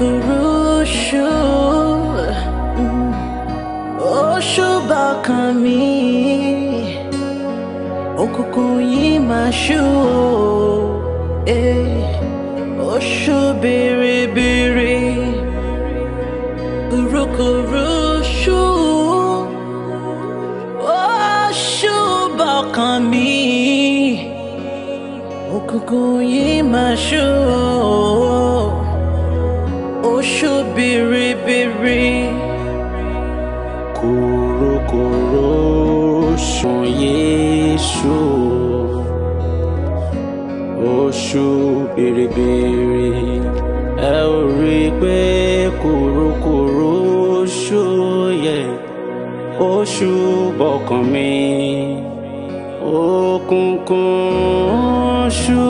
kurushu Òṣùbà kan mi Òkùnkùn yìí máa biri, Oṣù bìrìbìrì Kurukurushu Òṣùbà kan mi Òkùnkùn yìí bèrèbèrè ẹ ò rí i pé kòrókòró ṣòyẹ ó ṣùbọ̀kàn mi òkùnkùn ṣú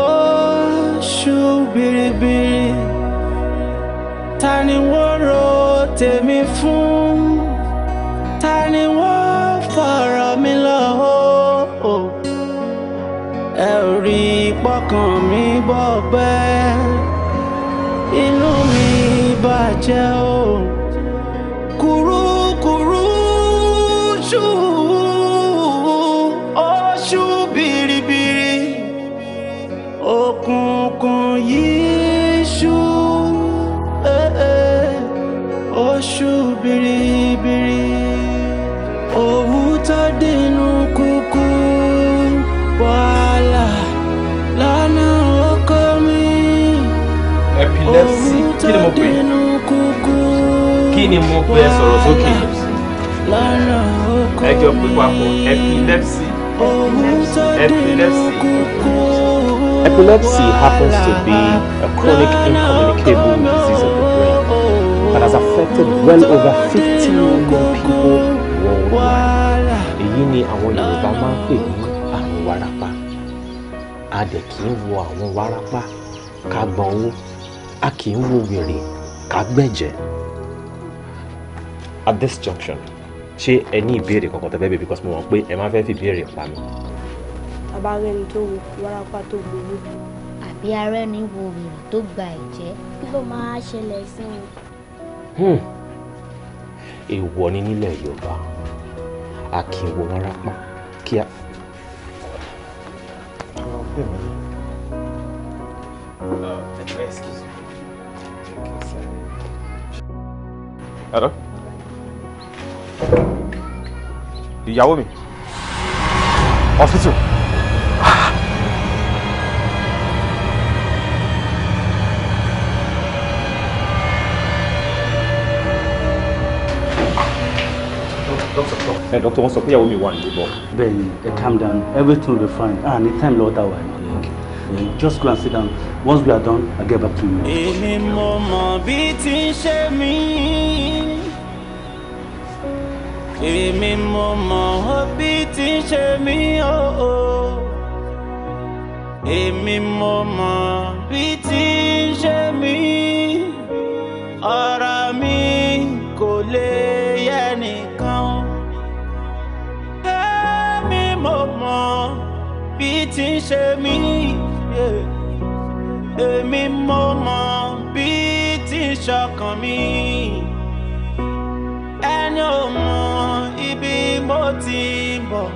ó ṣú bèrèbèrè ta ni wọ́n ro tèmi fún. ọpẹ́ inú mi bàjẹ́ o. kí ni mo pè kí ni mo pè sọ̀rọ̀ sókè ẹ jọ pé papọ̀ epilepsy epilepsy. Epilepsy happens to be a chronic incommunicable disease of the brain that has affected well over fifty million people worldwide. Èyí ni àwọn Yorùbá máa ń pè ní àrùn wárápá. A dẹ̀ kì í wo àwọn wárápá ká gbọ́n owó a kì í wo wèrè ká gbẹ̀jẹ̀. at this junction ṣé ẹ ní ìbéèrè kankan tẹ́fẹ́ bèbí because mo mọ̀ pé ẹ máa fẹ́ fi ìbéèrè pa mi. bàbá rẹni tó wo wárápá tó gbowó. àbí ara ẹni wo wèrè tó gba ẹ̀jẹ̀ kí ló máa ṣẹlẹ̀ sí hmm. èèwọ̀ ni nílẹ̀ yorùbá a kì í wo wárápá kí a. ẹ̀rọ ìyàwó mi hospital. Ẹ dọ́kítọ̀ doctor, sọ pé ìyàwó mi wà nílé bọ̀. Bẹ́ẹ̀ni, ẹ calm down, everything will be fine. Ah, ní time lọ́wọ́ tá a eh? just go and sit down once we are done i get back to you. èmi mo mọ bí ti ń ṣe mí èmi mo mọ bí ti ń ṣe mí ooo èmi mo mọ bí ti ń ṣe ọ̀rọ̀ mi kò lè yẹ nìkan èmi mo bí ti ń ṣe mí èmi mo mọ bí tí ń ṣọkàn mi ẹni ò mọ ibi mo ti ń bọ̀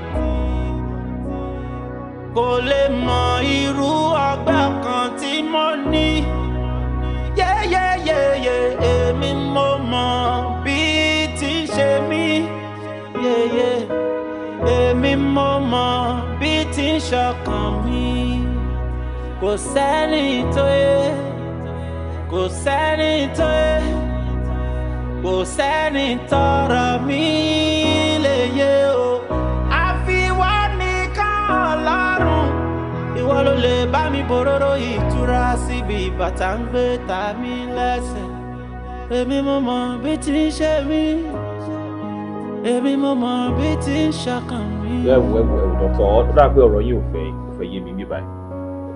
kò lè mọ irú ọgbà kan tí mo ní yéyéyéyé èmi mo mọ bí tí ń ṣe mí yéyé èmi mo mọ bí tí ń ṣọkàn kò sẹ́ni tó yẹ kò sẹ́ni tó yẹ kò sẹ́ni tọrọ mi lè yé o àfiwọ́ nìkan ọlọ́run ìwọ ló lè bá mi bororo ìtura síbi bàtà ń gbé ta mi lẹ́sẹ̀ èmi mo mọ bí ti ń ṣe mí èmi mo mọ bí ti ń ṣọkàn mi. wẹ́ẹ̀wù wẹ́ẹ̀wù dọ̀tọ̀ ó dà pé ọ̀rọ̀ yìí ò fẹ́ yé mi bí báyìí.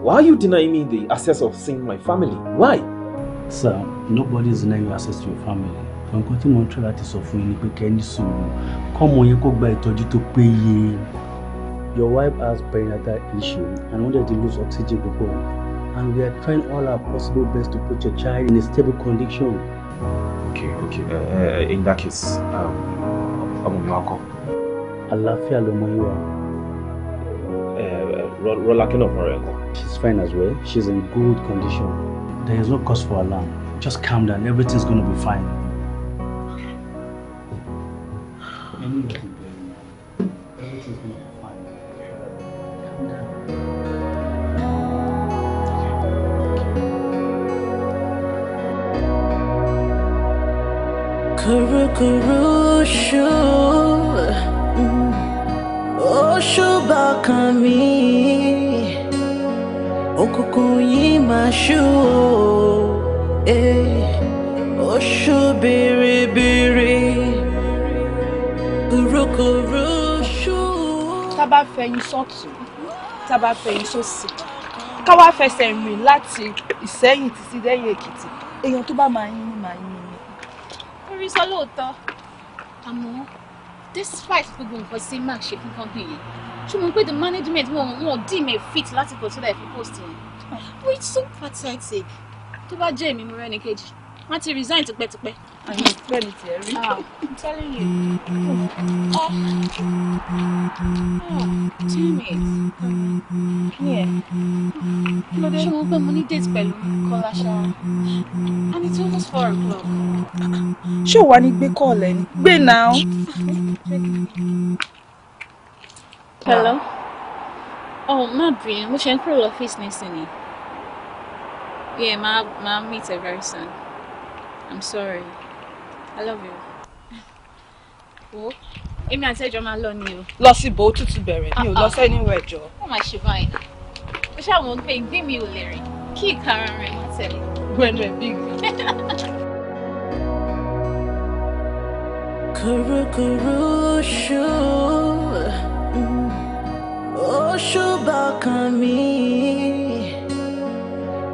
Why are you denying me the access of seeing my family? Why? Sir, nobody is denying you access to your family. I'm tí mo ń tọ́ láti sọ fún yín ni Come on, you go kọ́mọ yẹn kó to pay. tó Your wife has perinatal issue and wanted to lose oxygen before and we are trying all our possible best to put your child in a stable condition. Okay, okay. Uh, uh in that case, um, ọmọ mi wá kọ́. Àlàáfíà lọmọ Roll, roll, uh, Rọ́lákínà fúnra ẹ̀ kọ́. She's fine as well. She's in good condition. There is no cause for alarm. Just calm down. Everything's going to be fine. Anything. kuru kuru shu, mm. oh shu bakami. ṣú o eh, oṣù biribiri kurukuru ṣú. tá a bá fẹ̀yìn sọ́tún tá a bá fẹ̀yìn sósì ká wá fẹsẹ̀ rìn láti ìsẹ́yìn títí dẹ́yìn èkìtì èèyàn tó bá máa yín ni màá yín ni. orí sọ lóòótọ́ àmọ́ despite gbogbo nǹkan sí mark ṣe fún kọ́ńpì yìí ṣé mo pé the management wọn wọn dì mí fit láti consider ìfi post yẹn which so pathetic tó bá jẹ́ èmi mo rẹ́ ní kejì wọ́n ti resign tipẹ́tipẹ́. àmì ìpẹ́ mi tiẹ̀ rí. Ah, I'm telling you. oh. oh damn it. yeah. lóde ṣé mo gbé mo ní date pẹ̀lú kọ́lá ṣá and it's almost four o'clock. ṣé o wà ní gbé kọ́ọ̀lù ẹ̀ gbé náà hello oh má bínú mo ṣe office next lọ́fíìsì nísìnyí yeah my my meet her very soon i'm sorry i love you wo èmi àti ẹjọ máa lọ ni o. lọ sí ibo òtútù bẹ̀rẹ̀ mi ò lọ sẹ́ni ah, ah. wẹ̀ jọ. wọ́n máa ṣe báyìí mo ṣàwọn pé ìgbín mi ò lè rìn kí ìkarahun rẹ̀ máa tẹ̀lé. gbẹnu bí ìgbín. kuru kuru shu Oṣù bakami, mi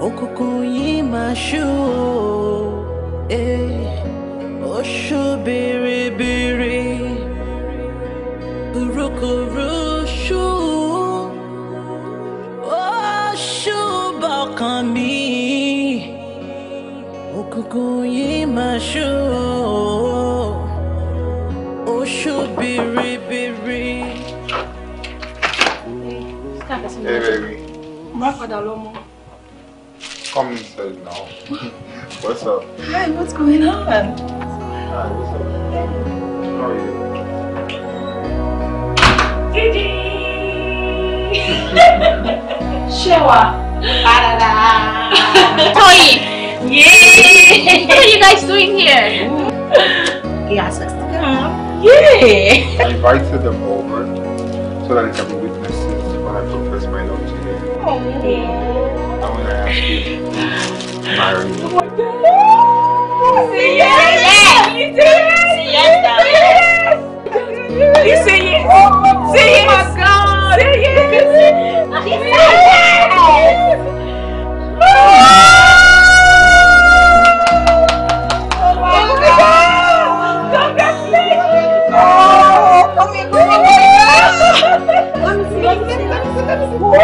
Òkùnkùn yìí máa ṣú biri bìrìbìrì Kuru kuru shu Oṣù bákan mi Òkùnkùn yìí máa ṣú oṣù biribiri. Hey, baby. Má padà lọ mọ́. Come inside now. What's up? Hey, what's going on? Hi, what's up? How are you? Gigi! Shewa! ba da Yay! What are you guys doing here? Yeah, uh-huh. sucks. Yeah. I invited them over so that they can be witnesses when I profess my love to you. Oh. And when I ask you to marry me. Oh my God. Say yes. yes. Yes! Oh. Oh did Yes! Say yes. yes. Yes! say yes. Yes! say yes. Yes! my Yes! Say yes. Yes. yes. yes. yes. yes. yes. yes. yes. Thank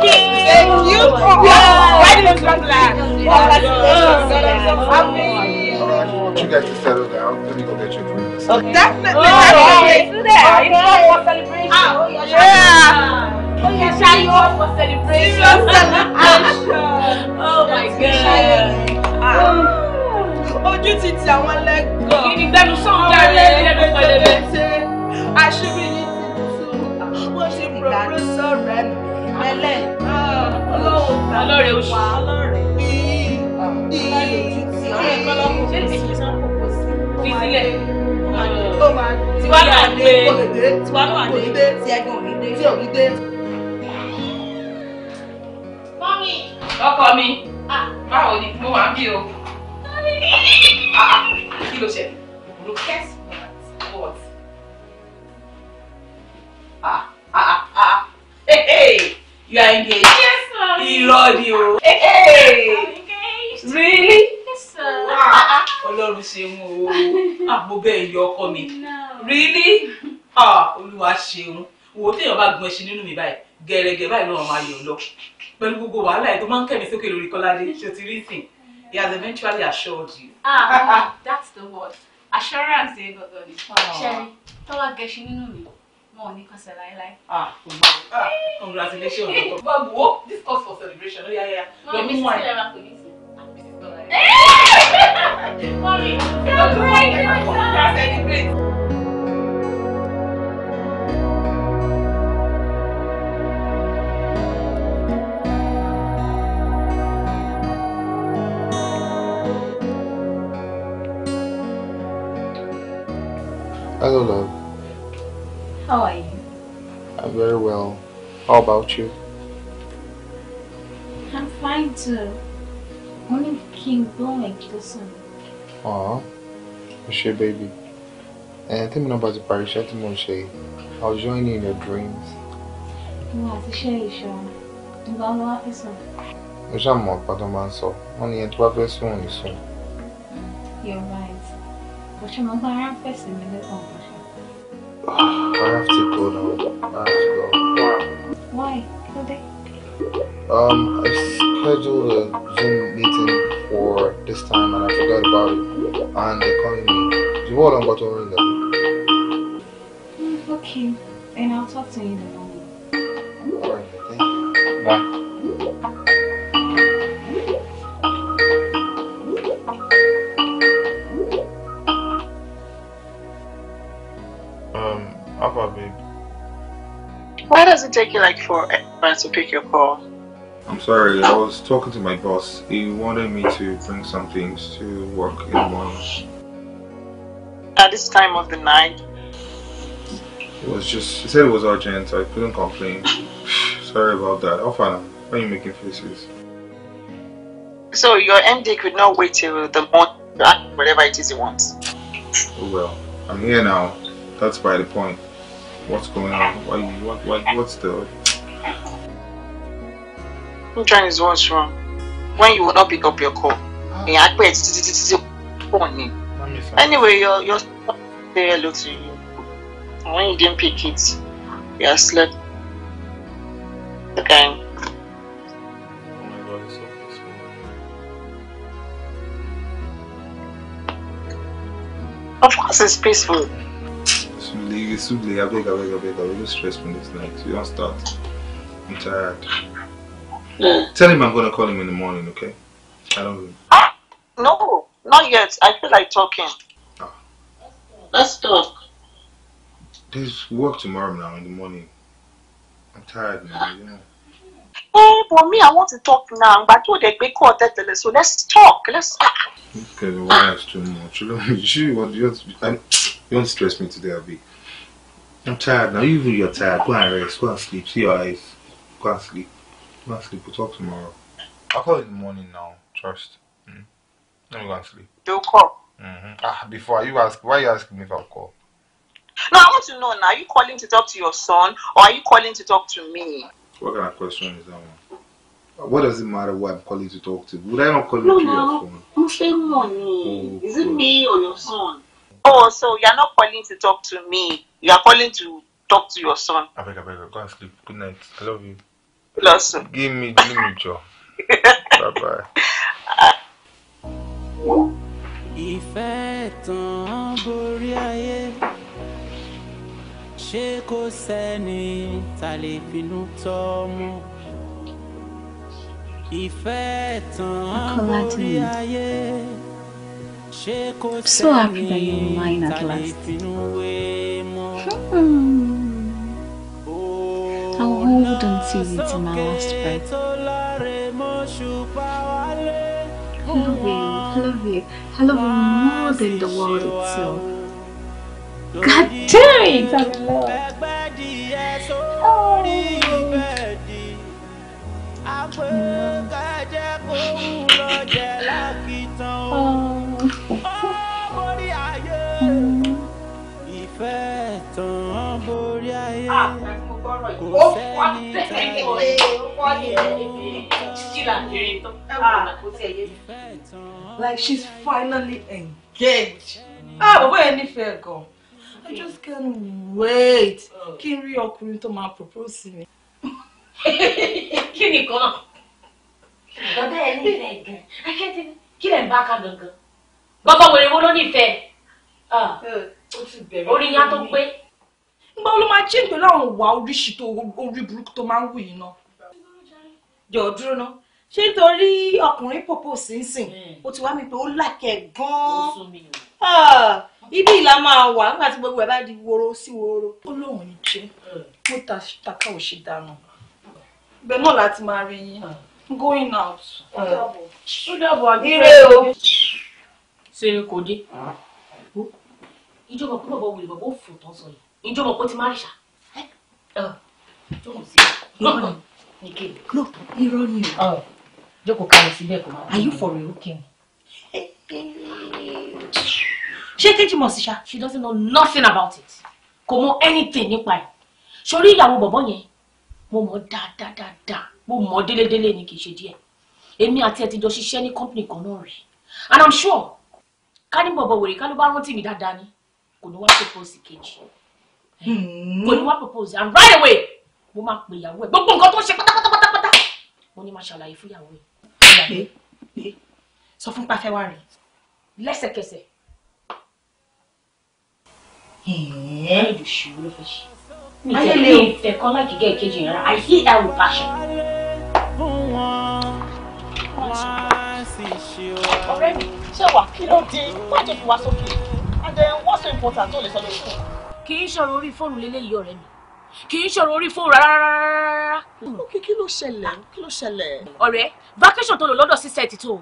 you. Thank you. Congratulations. You guys to settle down. Let me go get your drinks. Okay. Definitely. Definitely. Do that. It's all for celebration. Oh, yeah. Oh yeah, Shayo for celebration. celebration. Oh my God. Ojú ti ti àwọn lẹ́gbọ̀n. Ìdìgbẹ́nu sọ̀rọ̀ lẹ́gbẹ̀ẹ́ lẹ́gbẹ̀ẹ́ àṣírí yìí ìgbàdùn sọ̀rọ̀ ẹ̀mí mẹ́lẹ̀ ọlọ́run tàbí wà ọlọ́run bí ìlú ti ọ̀rẹ́ kọ́lọ́kùn ṣé ìṣẹ́ sọ́kùn kò sí. fi sílẹ̀ tó máa tiwa náà dé tiwa náà dé tí ẹgbẹ́ òní dé tí òní dé. mọ́mí. ọkọ mi báwo ni mo wà ń bí o ah, ah. kí ló ṣe kẹ́sì. You are engaged? Yes, ma'am. Irọ́ ni o. Really? Yes, sir. Wow. Ọlọ́run ṣeun o. Àmọ́ ah, bẹ́ẹ̀ yọ ọkọ mi. Really? Ah, Olúwa ṣeun. Wo téèyàn bá gun ẹṣin nínú mi báyìí, gẹ̀rẹ́gẹ̀ báyìí lọ́wọ́ máa yọ̀ lọ. Pẹ̀lú gbogbo wàhálà ẹ̀ tó máa ń kẹ́mi sókè lórí Kọ́ládé, ṣe ti rí sìn. He has eventually assured you. Ah, that's the word. Assurance yẹn eh, gbọ̀ngàn ni. Ah. Ṣé Tọ́lá gẹṣin nínú mi? wọn ò kan sẹ̀ láéláé. ah congratulations. gbàgbọ́ wo this calls for celebration ó yá yá lọ mú wáyé. Mommy, celebrate yourself! Celebrate! Hello, love. How are you? I'm very well. How about you? I'm fine too. Only King Bowen Gilson. Aww. O ṣe baby. Ẹ eh, tẹ́mi náà bá ti parí iṣẹ́ tí mo I'll join you in your dreams. Mo àti ṣe ìṣọ́. Ìgbà wo wá fẹ́ sọ? Mo ṣàmọ̀ ọ̀pá tó máa ń sọ. Wọ́n ní ẹni tó bá fẹ́ sùn ò ní sùn. Mm, you're right. Bọ̀ṣẹ́ mo gbọ́ ara ń fẹ̀sìn mi lẹ́kọ̀ọ́. I have to go now. I have to go. Why? Okay. Um, I scheduled a Zoom meeting for this time and I forgot about it. And they called me. You hold on, but to ring them. Mm, okay. And I'll talk to you in the morning. Alright, thank you. Bye. Um, about Babe. Why does it take you like four to pick your call? I'm sorry, I was talking to my boss. He wanted me to bring some things to work in the morning. At this time of the night? It was just, he said it was urgent, I couldn't complain. sorry about that. Alpha, why are you making faces? So your MD could not wait till the morning whatever it is he wants. Oh, well, I'm here now that's by the point. What's going on? Why, what, what, what's the... Chinese, is what's wrong. When you will not pick up your call. Ah. Funny. Anyway, you are say hello to you. And when you didn't pick it, you are slept. Okay. Oh of course, it's peaceful you should lay, I beg, I beg, I beg, I will just rest this night. You don't start. I'm tired. Mm. Tell him I'm gonna call him in the morning, okay? I don't know. Ah, no, not yet. I feel like talking. Ah. Let's talk. There's work tomorrow now in the morning. I'm tired man. Ah. you Hey, for me, I want to talk now. But you they big call that so let's talk. Let's talk. Ah. Okay, the too much. You, what, you, you don't stress me today, Abby. I'm tired now. Even you're tired. Go and rest. Go and sleep. See your eyes. Go and sleep. Go and sleep. We'll talk tomorrow. I'll call in the morning now. Trust. Mm. Let me go and sleep. You'll call. Mm-hmm. Ah, before you ask, why are you asking me if I'll call? No, I want to know now. Are you calling to talk to your son, or are you calling to talk to me? What kind of question is that one? What does it matter who I'm calling to talk to? Would I not call you no, to no. your phone? No, no. Oh, is it me or your son? Oh, so you're not calling to talk to me. You are calling to talk to your son. I beg, I beg, go and sleep. Good night. I love you. Lawson. Give me, give me joy. bye bye. Ìfẹ́ tán borí ayé, ṣé kò sẹ́ni ta lè finú tọ́ mú? Ìfẹ́ tán borí ayé. So happy that you're mine at last. Hmm. I'll hold on to my last breath. I love you, I love you, I love you more than the world itself. God damn it, I in love. Oh. sọ̀rọ̀ yìí ó fọ́ tẹ́lẹ̀ kọ́ ẹ̀ like she's finally engaged. ah where any fair go? I just can't wait oh. kí n rí ọkùnrin tó máa propose sí mi. kí ni kan náà. bàbá yẹn nífẹ̀ẹ́ gan akẹ́tẹ́ kí lẹ̀ ń bá ká gangan. bàbá wèrè wo ló nífẹ̀ẹ́. Ah. Oh, ó ti bẹ̀rẹ̀ orí yá tó pé nígbà wo ló máa jí pẹ̀lú àwọn ìwà oríṣi tó orí burúkú tó máa ń wù yìí náà. jọ dúró ná ṣé nítorí ọkùnrin pòpò sínsìn ó ti wá mi pé ó làkẹ́ gan-an ibi ìlà máa wà nígbà tí gbogbo ẹ̀ bá di woro sí woro. ó lóun ní jẹ́ mo tàkà ò ṣe dáná bẹ́ẹ̀ náà láti máa rí yín ah. going out. Ah. ó dàbọ̀ ó o ṣe kò dé. Ah. ìjọba kúrò bọ̀ wòlé bàbá ó fò tán sọ yìí njó mọ̀ kó ti má rìṣà. jókòó sí irọ́ ni no irọ́ ni o. jókòó kalẹ̀ síbẹ̀ kò máa. are you for real? okay. ṣé kejì mọ̀ sí ṣá. she doesn't know nothing about it kò mọ anything nípa ẹ̀ sórí ìyàwó bọ̀bọ̀ yẹn mo mọ̀ dáadáa mo mọ̀ délédélé ni kì í ṣe díẹ̀ èmi àti ẹ̀ ti jọ ṣiṣẹ́ ní company kan náà rí and i'm sure ká ní bọ̀bọ̀ wèrè ká ló bá rántí mi dáadáa ni kò ní wá ṣe fọ́ọ̀sì kejì. Hmm. kò ní wá propose and right away mo máa pè ìyàwó ẹ gbogbo nǹkan tó ń ṣe pátápátápátá mo ní máa ṣàlàyé fún ìyàwó ẹ. pé pé sọ fún pàfẹ́ wa rè lẹ́sẹ̀kẹsẹ̀. ẹ̀ẹ́dù hmm. ṣòro ló fẹ́ ṣe. mi ò tẹ̀lé ìfẹ́ kan láti gẹ́ ìkejì rẹ̀ I hate her with passion. ọ̀rẹ́ mi ṣé wà kí ló dé wájú fi wá sókè and then what's so important tó lè sọ lórí fún un kì í ṣòro orí fóònù lélẹ́yìí ọ̀rẹ́ mi kì í ṣòro orí fóònù rárá. òkè kí ló ṣẹlẹ̀ ah. kí ló ṣẹlẹ̀. ọ̀rẹ́ vacation tó lò lọ́dọ̀ sí sẹ́ẹ̀tì tó o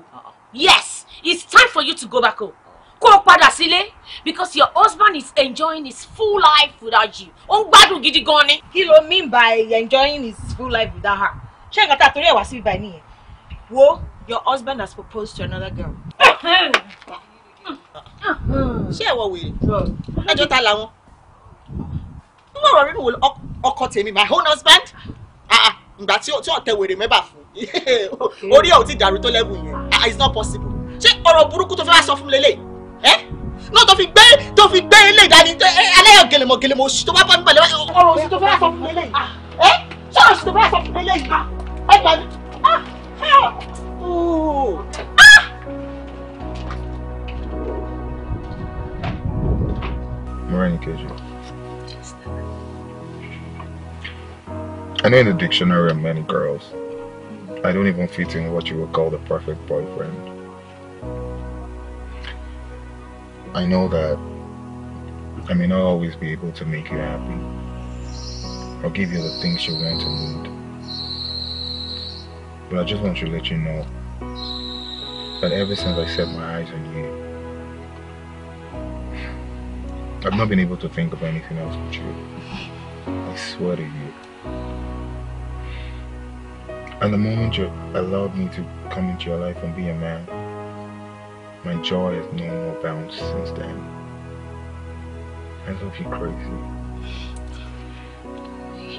yes it's time for you to go back home kó o padà sílé because your husband is enjoying his full life without you ó ń gbádùn gidi gan ni. kí ló mean by enjoying his full life without her ṣé nǹkan tá a torí ẹ̀ wá síbi báyìí nìyẹn wo your husband has proposed to another girl. ṣé ẹ wọ wèrè ẹjọ́ ta làwọn nínú ọ̀rọ̀ will wo ọkọ tèmi my own husband ah, ah, ìgbà tí ọ̀tẹ̀ wèrè mẹ́bà fún orí ẹ̀ ò ti dàrú tó lẹ́bù yẹn ah, it's not possible ṣé ọ̀rọ̀ burúkú tó fẹ́ wá sọ fún mi lélẹ̀ ẹ́ náà tó fi gbé tó fi gbé ilé ìdání aláyọ̀ gèlèmọ̀ gèlèmọ̀ oṣù tó bá bá mi balẹ̀ ọ̀rọ̀ oṣù tó fẹ́ wá sọ fún mi lélẹ̀ ẹ́ ṣé oṣù tó fẹ́ wá sọ fún mi lélẹ̀ yìí ẹ gbà mí. Morning, Kejì. I know in the dictionary are many girls. I don't even fit in what you would call the perfect boyfriend. I know that I may not always be able to make you happy or give you the things you want and need. But I just want to let you know that ever since I set my eyes on you, I've not been able to think of anything else but you. I swear to you. And the moment you allowed me to come into your life and be a man, my joy has known no more bounds since then. I love you crazy.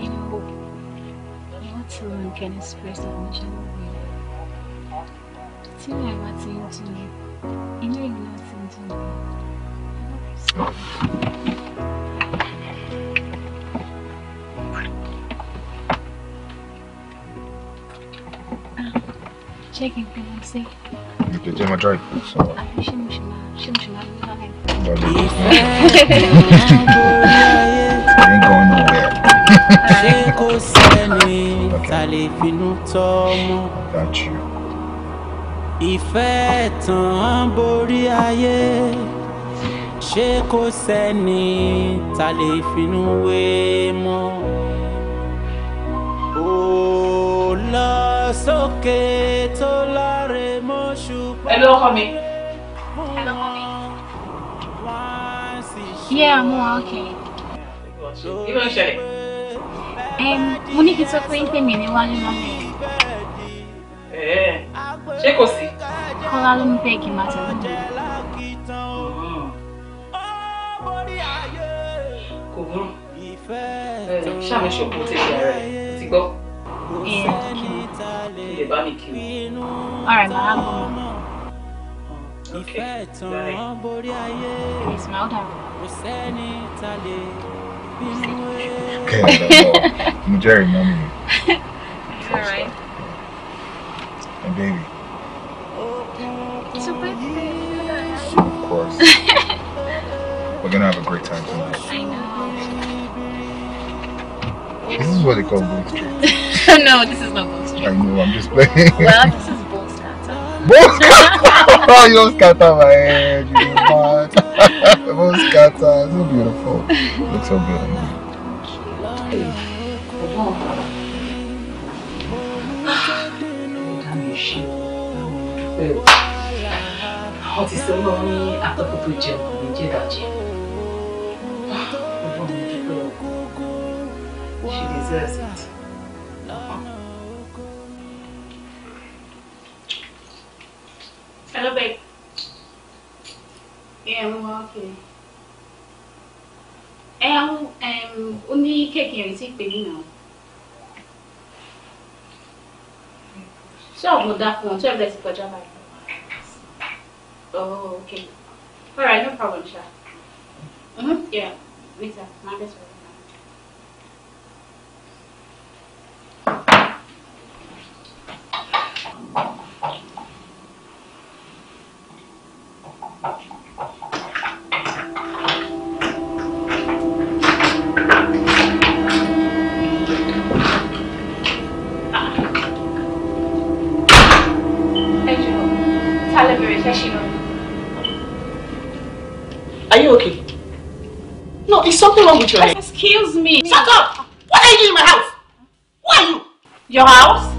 You know, not alone can express how much I love you. I'm not into you. You know you're not into me. Check in pé mo sí. Ètò ìjẹ́ máa drive. Àfi ṣé mo ṣe Ain't going nowhere. Ṣé kò sẹ́ni ta lè finú tọ́ mú? Got you. Ìfẹ́ tán borí ayé. Ṣé kò sẹ́ni ta lè finú wé mọ́? Oh, love lọ sókè tó láre mọ́ṣù pé. ẹ lọ́kọ mi. ẹ lọ́kọ mi. Yeah, mo wà okay. Kí ló ń ṣẹlẹ̀? Mo ní kí n sọ pé ń pè mí ní wálé lọ́mọ ẹ̀. Eh, ṣé kò sí? Kọ́lá ló ń bẹ́ẹ̀gì máa tẹ̀lé mi. Hmm. Kò burú. Eh, Ṣáà mi ṣòkò tẹ̀lé ara ti gbọ́. lè bá mi kí o. ọ̀rẹ́ màá gbọ́ mi. ìfẹ́ ìtàn borí ayé kò sẹ́ni ta lè And baby. It's a birthday. Of course. We're gonna have a great time tonight. I know. This is what they call Gold no, this is not I know, I'm just playing. Well, this is bull scatter. you don't scatter my head, you mad. bull scatter, so beautiful. looks so beautiful. Ọtí sọ lọ ní atọ́kùn tó jẹun kò ní jẹ́ ìdájẹ́. Ọgbọ́n mi dúpẹ́ ọkọ̀. She deserves it. Hello, babe. Yeah, mo wá okay. Eh, um àwọn um, ó ní kéèkì yẹn tí pè mí náà. Ṣé ọ̀gbọ́n dá fún ọ? Ṣé ọ̀gbọ́n Oh, okay. alright no problem, Sha. Mm-hmm. Yeah, Lisa My best friend. Are you okay? No, is something wrong with your head? Excuse me. Shut up! What are you doing in my house? Who are you? Your house?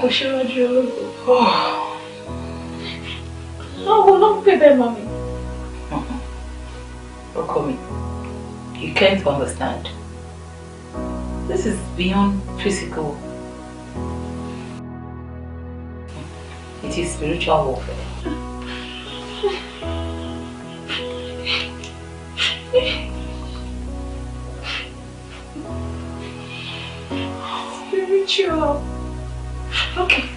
Oh, ṣe rọ́jú ológun. Lọ́wọ́ ló ń pè bẹ́ẹ̀ you can't understand. This is beyond physical. It is spiritual warfare. Spiritual. Okay,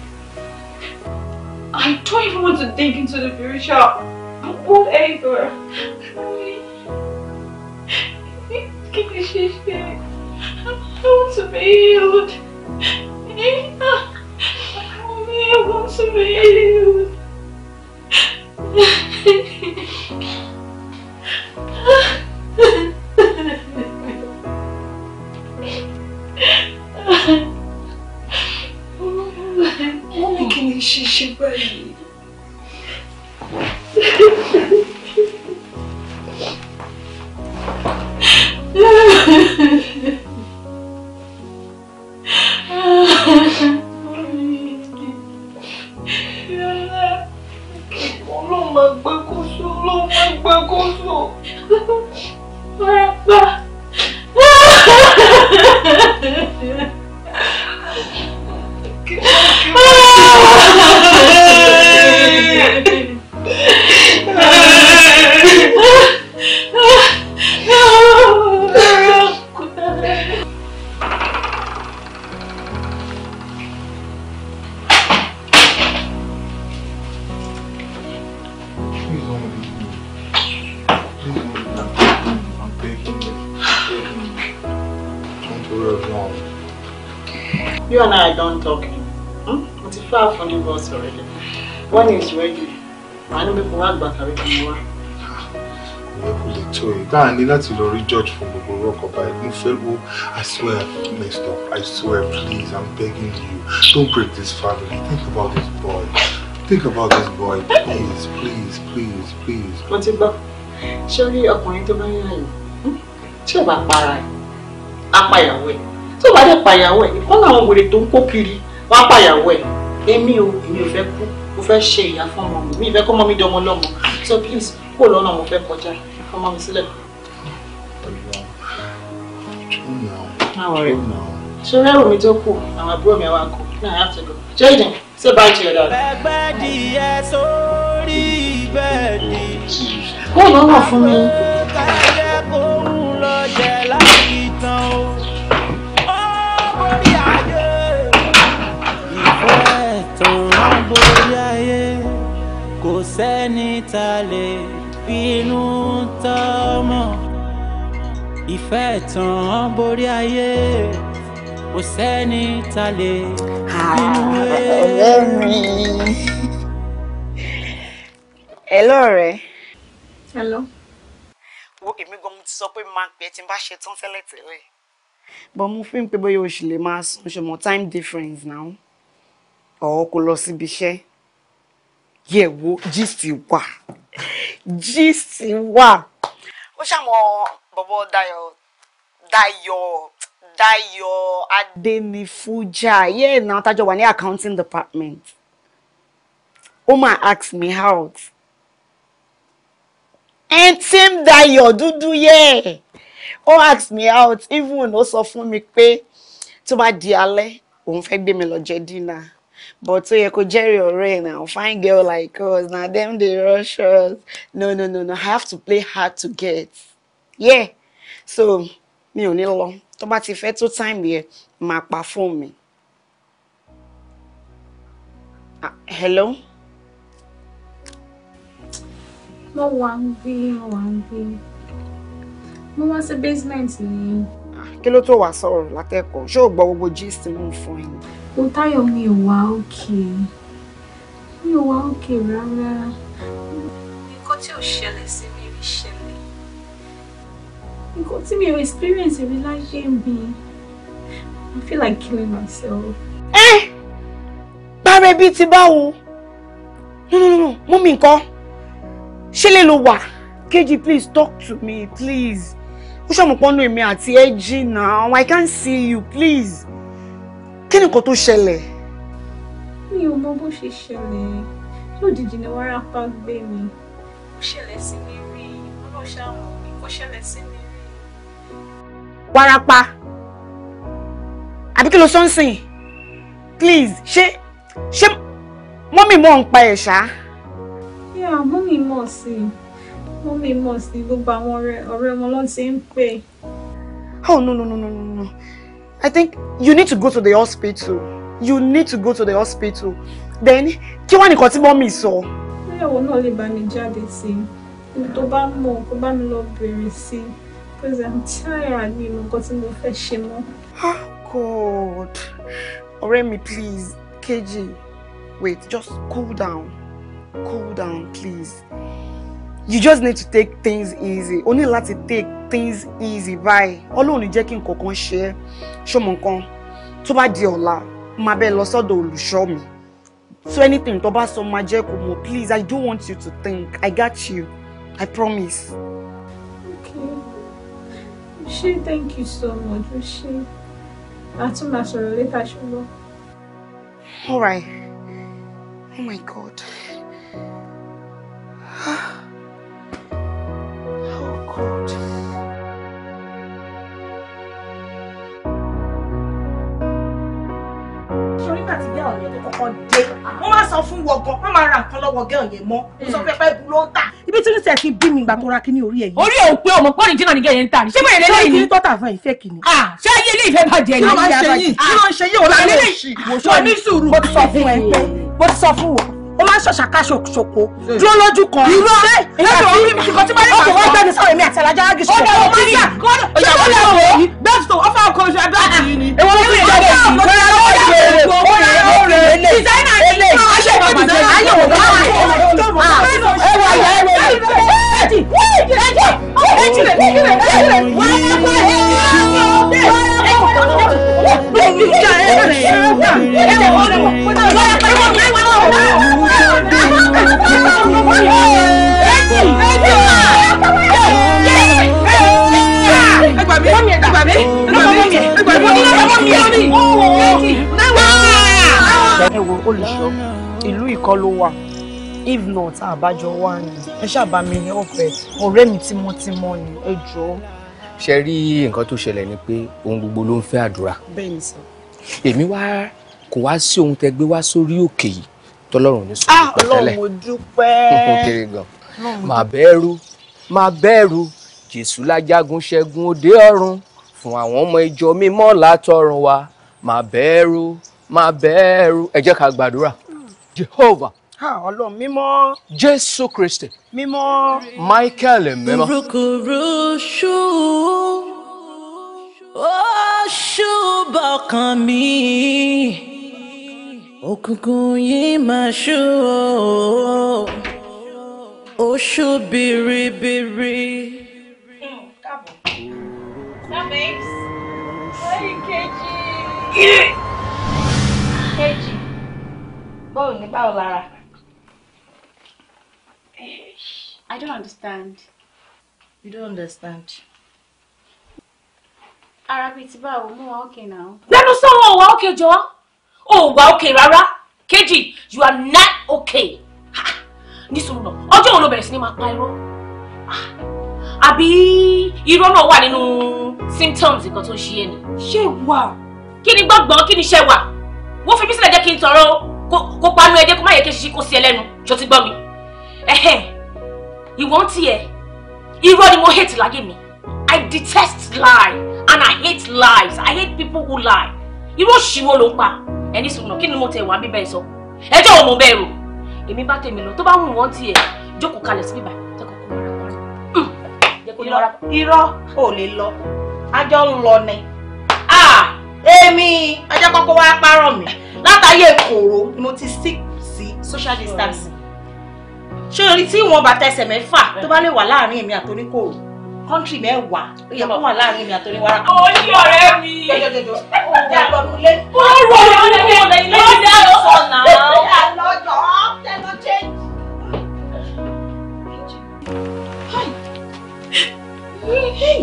I don't even want to think into the future. I'm old ever. Give me shit. I want to be healed. I want to be healed. long. You and I don't talk. talking. Hmm? It's far from the bus already. When it's ready, I know people work back away from work. Kò lè tó ẹ̀ dáa ní láti lọ rí George fún gbogbo rọ́kọ̀ báyìí. Mo fẹ́ I swear I've messed up. I swear please I'm begging you. Don't break this family. Think about this boy. Think about this boy please please please please. What ti gbọ́, ṣé rí ọkùnrin tó bá ń yáyò? Hmm? Ṣé ò bá para ẹ̀? tó bá dẹ̀ pàyàwó ẹ̀ ìkọ́ làwọn wèrè tó ń kó kiri wá pàyàwó ẹ̀ èmi ò èmi ò fẹ́ kú mo fẹ́ ṣe ìyá fún ọmọ mi mi ìfẹ́ kọ́ mọ́ mi dánmọ́ lọ́mọ so please kó lọ́nà mo fẹ́ kọjá ọmọ mi sílẹ̀. ṣé rẹ́rù mi tó kù àwọn àbúrò mi wá kù náà yàtọ̀ gò ṣé ìdìn ṣé bá jẹ ọ̀dà. bẹ́ẹ̀ díẹ̀ sórí bẹ́ẹ̀ di. kó lọ́nà fún mi. tó wọ́n borí ayé kò sẹ́ni tá a lè finú tọ́mọ̀ ìfẹ́ tán wọ́n borí ayé kò sẹ́ni tá lè finú wé. Ah, Hello ọ̀rẹ́. Hello. Wo èmi gan mo ti sọ pé máa pẹ́ tí n bá ṣe tán tẹ́lẹ̀tẹ́lẹ̀. But mo fi ń pe bóyá o ṣì lè máa sùn ṣùgbọ́n time difference now ọ̀hún kò lọ síbi iṣẹ́ yẹ̀ wo gist wà gist wà. ó ṣàmọ bọbọ Dayọ̀ Dayọ̀ Dayọ̀ Adenifuja yẹ́ẹ̀ náà tájọ wà ní accounting department ó máa ask me out ẹntìm Dayọ̀ dúdú yẹ́ẹ̀ ó ask me out even ó sọ fún mi pé tó bá di alẹ́ òun fẹ́ gbé mi lọ jẹ dínà but so you could Jerry or Rain na fine girl like us Now them the Russians. no no no no I have to play hard to get yeah so me only long. lọ tó bá ti time here, máa pa fóònù ah, hello. mo wà ń bí mo wà ń bí mo wá sí basement ni. Ah, kí ló tó wàá sọ̀rọ̀ látẹ̀kọ̀ọ́ ṣé o gbọ́ gbogbo gist mú fún Mo Táyọ̀ mi ò wá òkè. Mi ò wá òkè rárá. Nǹkan tí ò ṣẹlẹ̀ sí mi rí ṣẹlẹ̀. Nǹkan tí mi ò experience rí láyé mi. I feel like killing myself. Ẹ! Bárẹ̀ bíi ti báwo? Mú mi nǹkan. Ṣé lè lo wà? KG, please talk to me, please. Ó ṣàmùpọ̀nù èmi àti ẹ jìnnà. I can't see you, please kí ni nǹkan tó ṣẹlẹ̀. mi ò mọ bó ṣe ṣẹlẹ̀ lójijì ni wárápá gbé mi ó ṣẹlẹ̀ sí mi rí ọlọ́ṣà wọn kò ṣẹlẹ̀ sí mi rí. wárápá àbí kí ló sọ́nsìn please ṣé ṣé mọ́mì mọ́ ń pa ẹ̀ ṣá. yà mọ́mì mọ̀ sí mọ́mì mọ̀ sí gbogbo àwọn ọ̀rẹ́ wọn ló ti ń pè. oh no no no no no. no. I think you need to go to the hospital. You need to go to the hospital. Then, kí wá nìkan tí mọ́mì sọ? Ìyàwó náà lè bá mi jáde sí i. Tó bá mọ̀, kó bá mi lọ bèrè sí i. Because I'm tired nínú nǹkan tí mo fẹ́ ṣe mọ́. God! Ọ̀rẹ́ mi, please, KG. wait, just cool down. Cool down, please you just need to take things easy o ní láti take things easy bye. ọlọ́run ní jẹ́ kí nǹkan kan ṣe é ṣọmọ nǹkan tó bá di ọ̀la máa bẹ́ẹ̀ lọ sọ́dọ̀ olùṣọ́ mi so anything tó bá sọ máa jẹ́ kó mọ̀ please i do want you to think i got you i promise. okay ṣe thank you so much o ṣe àtúmọ̀ sọ̀rọ̀ later ṣùgbọ́n. all right oh my god. ìwọ gan má máa ra nǹkan lọ́wọ́ gẹ́ọ̀ yẹn mọ́ mo sọ pé pẹ́ẹ́bù ló ń tà. ibi tí ní sẹ́ẹ̀ ti bí mi ìgbà tó ra kíní orí ẹ̀ yìí. orí òun pé ọmọ pọ́nì jìnnà nìkẹ́ yẹn ń tà ní. ṣé mo yẹ lé lẹ́yìn ni. ṣé ìdí tó tà fún ìfẹ́ kìíní. ṣé ayé ilé ìfẹ́ bàjẹ́ ni. kí ló ń ṣe yìí kí ló ń ṣe yìí ọ̀la ní òṣì. mo ní sùúrù mo ti sọ fún ẹ pé mo ti sọ fún wọn ó máa ń ṣọ̀ṣàká ṣòkò dúró lójú kan. irọ́ rẹ̀ ẹ̀sọ́ orí mi kò tí máa ń bá wọ́n gbẹ́ni sọ̀rọ̀ èmi àti alájà ági ṣòkò. ọ̀dọ̀ ọmọ ìyá ṣé ó lè wò ó. bẹ́ẹ̀ tó ọfà ọkọ̀ oṣù abẹ́àkì ni. èwo ló fi jẹ́ bẹ́ẹ̀ sí. ó rẹ̀ ó rẹ̀ ó rẹ̀ Mommy! ẹ wo olùṣọ́ ìlú ìkọ́ ló wà if not àbájọ wà ní ẹ ṣàbá mi ní ọ̀fẹ́ ọ̀rẹ́ mi tímọ́tímọ́ ni ẹ jọ̀ọ́. ṣe rí nǹkan tó ṣẹlẹ̀ ni pé ohun gbogbo ló ń fẹ́ àdúrà. bẹ́ẹ̀ni sọ. èmi wá kò wá sí ohun tẹ gbé wá sórí òkè yìí tọ́lọ́run ní sọ̀rọ̀ ah, pẹ̀tẹ́lẹ̀. Ọlọ́run mo dúpẹ́. ó kéré gan. máa Jésù lájagun ṣẹ́gun òde ọ̀run fún àwọn ọmọ ìjọ mímọ́ látọ̀run wa máa bẹ̀rù máa bẹ̀rù ẹ ká gbàdúrà jehovah ọlọ́run mímọ́. jésù kristi. mímọ́. michael mímọ́. kúrúkúrú ṣú bọ̀kàn mi òkùnkùn yìí máa ṣú ó biribiri. That kejì bóun ní báwo lára. I don't understand. You don't understand. Ara bíi ti báwo mú wa ókè náà. Lẹ́nu sọ̀rọ̀ ò wá ókè jọ. Ò wá ókè rárá. Kejì, you are not okay. Ní sùúrù náà, ọjọ́ òun ló bẹ̀rẹ̀ sí ni máa pa irọ́. Àbí irọ́ náà wà nínú symptoms nǹkan tó ń ṣe é ni. Ṣé wà? Kí ni gbọ́ngbọ́n kí ni ṣe wà? wọ́n fi mí sílẹ̀ jẹ́ kí n tọ̀rọ̀ kó panu ẹdẹ kó má yẹ kí n ṣiṣi kó sí ẹ lẹ́nu ṣó ti gbọ́ mi ẹ̀hẹ́n ìwọ ń tiẹ̀ irọ́ ni mo hate láyé mi I detest lie and I hate lies I hate people who lie irú òṣìwò ló ń pa ẹni sùn náà kí ni mo tẹ ìwà bíbẹ́ sọ ẹjọ́ òun mo bẹ́ẹ̀ rò èmi bá tèmi lọ tó bá wù wọ́n tiẹ̀ jókòó kalẹ̀ sí bíbá jẹ́ kó ní wàrà. Hmm, irọ́ ò lè lọ ajọ́ ń lọ ni èmi ajá kọ́kọ́ wá párọ̀ mi látàyè kòrò ni mo ti stick sí social distancing ṣé orí tí wọn bá tẹsẹ̀ mẹ́fà tó bá lè wà láàrin èmi àtoníkòrò kọ́ńtì mẹ́wàá ó yẹ kó wà láàrin èmi àtoníwárà. ó ní ọ̀rẹ́ mi. jọjọjọjọ ó jẹ́ àgbọ̀nulé. ó rọ ọ̀rọ̀ mi ọ̀rẹ́ ilé ìdá ọ̀sán náà. àlọ́jọ́ tẹnu change. Hey! Hey! Hey!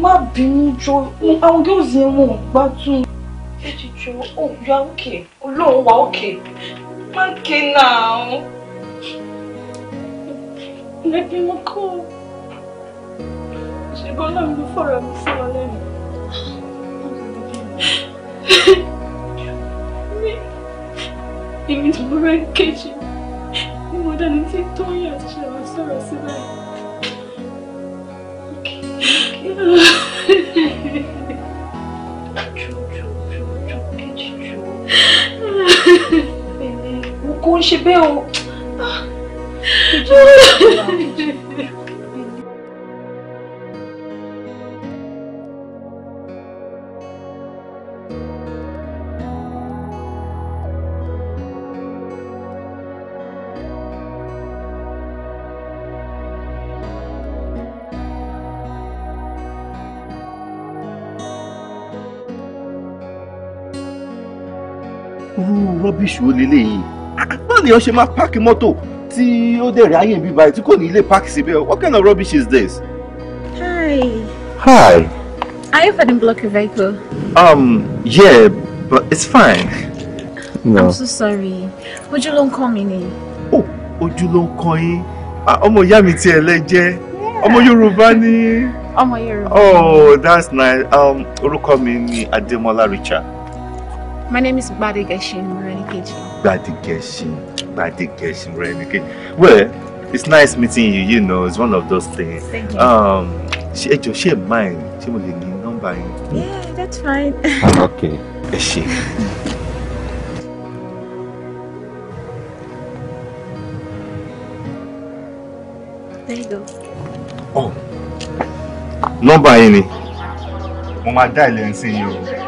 má bínú jọ àwọn girls yẹn wọn ò gbádùn. jẹ́jẹ́ jọ ó yá òkè olóhùn wa òkè má ké náà. lẹ́bí mo kọ́ ṣùgbọ́n náà mi fọ̀rọ̀ mi sí ọ lẹ́nu. mi èmi tí mo rẹ́ ń kejì ni mo dání tí tó ń yàtọ̀ ṣe àwọn sọ̀rọ̀ síbẹ̀ kò ń ṣe bẹ́ẹ̀ o. rubbish wo lélẹ̀ yìí báwo ni wọ́n ṣe máa páàkì mọ́tò tí ó dẹ̀ ráyè ń bí báyìí tí kò ní ilé páàkì síbẹ̀ what kind of rubbish is this. hi. hi. are you fading block your vehicle. um yeah but it's fine. no. i'm so sorry ojú ló ń kọ́ mi ni. oh ojú ló ń kọ́ yín ah, ọmọ ìyá mi tiẹ̀ lẹ́jẹ́ ọmọ yorùbá ni. ọmọ yorùbá. oh that's nice um, orúkọ mi ni adémọlá richard. My name is Badigeshin Renikeji. Badigeshin, Badigeshin Renikeji. Well, it's nice meeting you, you know, it's one of those things. Thank you. Um, she, Ejo, she mine. She will need number. Yeah, that's fine. okay. Eshi. There you go. Oh. Number any. Mo ma dial see you.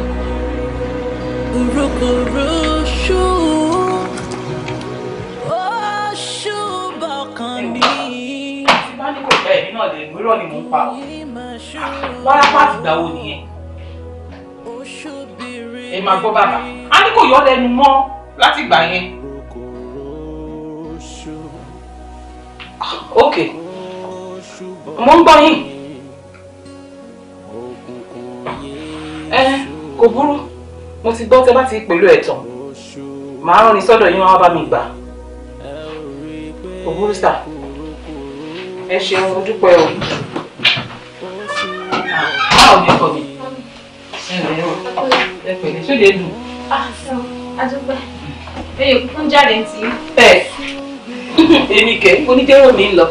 burúkú ó ṣùbọ̀ kan ní. bá ní kò bẹ́ẹ̀ nínú ọ̀dẹ̀ pa ọ́ wáyà pàtì ìgbàwo nìyẹn. ẹ máa gbọ́ bàbá a ní kò yọ ọ́ lẹ́nu mọ́ láti ìgbà mo ń gbọ́ yín. ẹ kò burú mo ti gbọ́ tẹ bá ti pẹ̀lú ẹ̀ tán màá rán ni sọ́dọ̀ yín wá bá mi gbà òwúrú sà ẹ ṣeun mo dúpẹ́ o ah, báwo ni ọkọ mi ẹ rẹ o ẹ pẹ̀lẹ́ ṣé lè dùn. adúpẹ́ ah, ẹyẹ kúkú ń jáde ń tì í. ẹ èmi kẹ onídéró mi ń lọ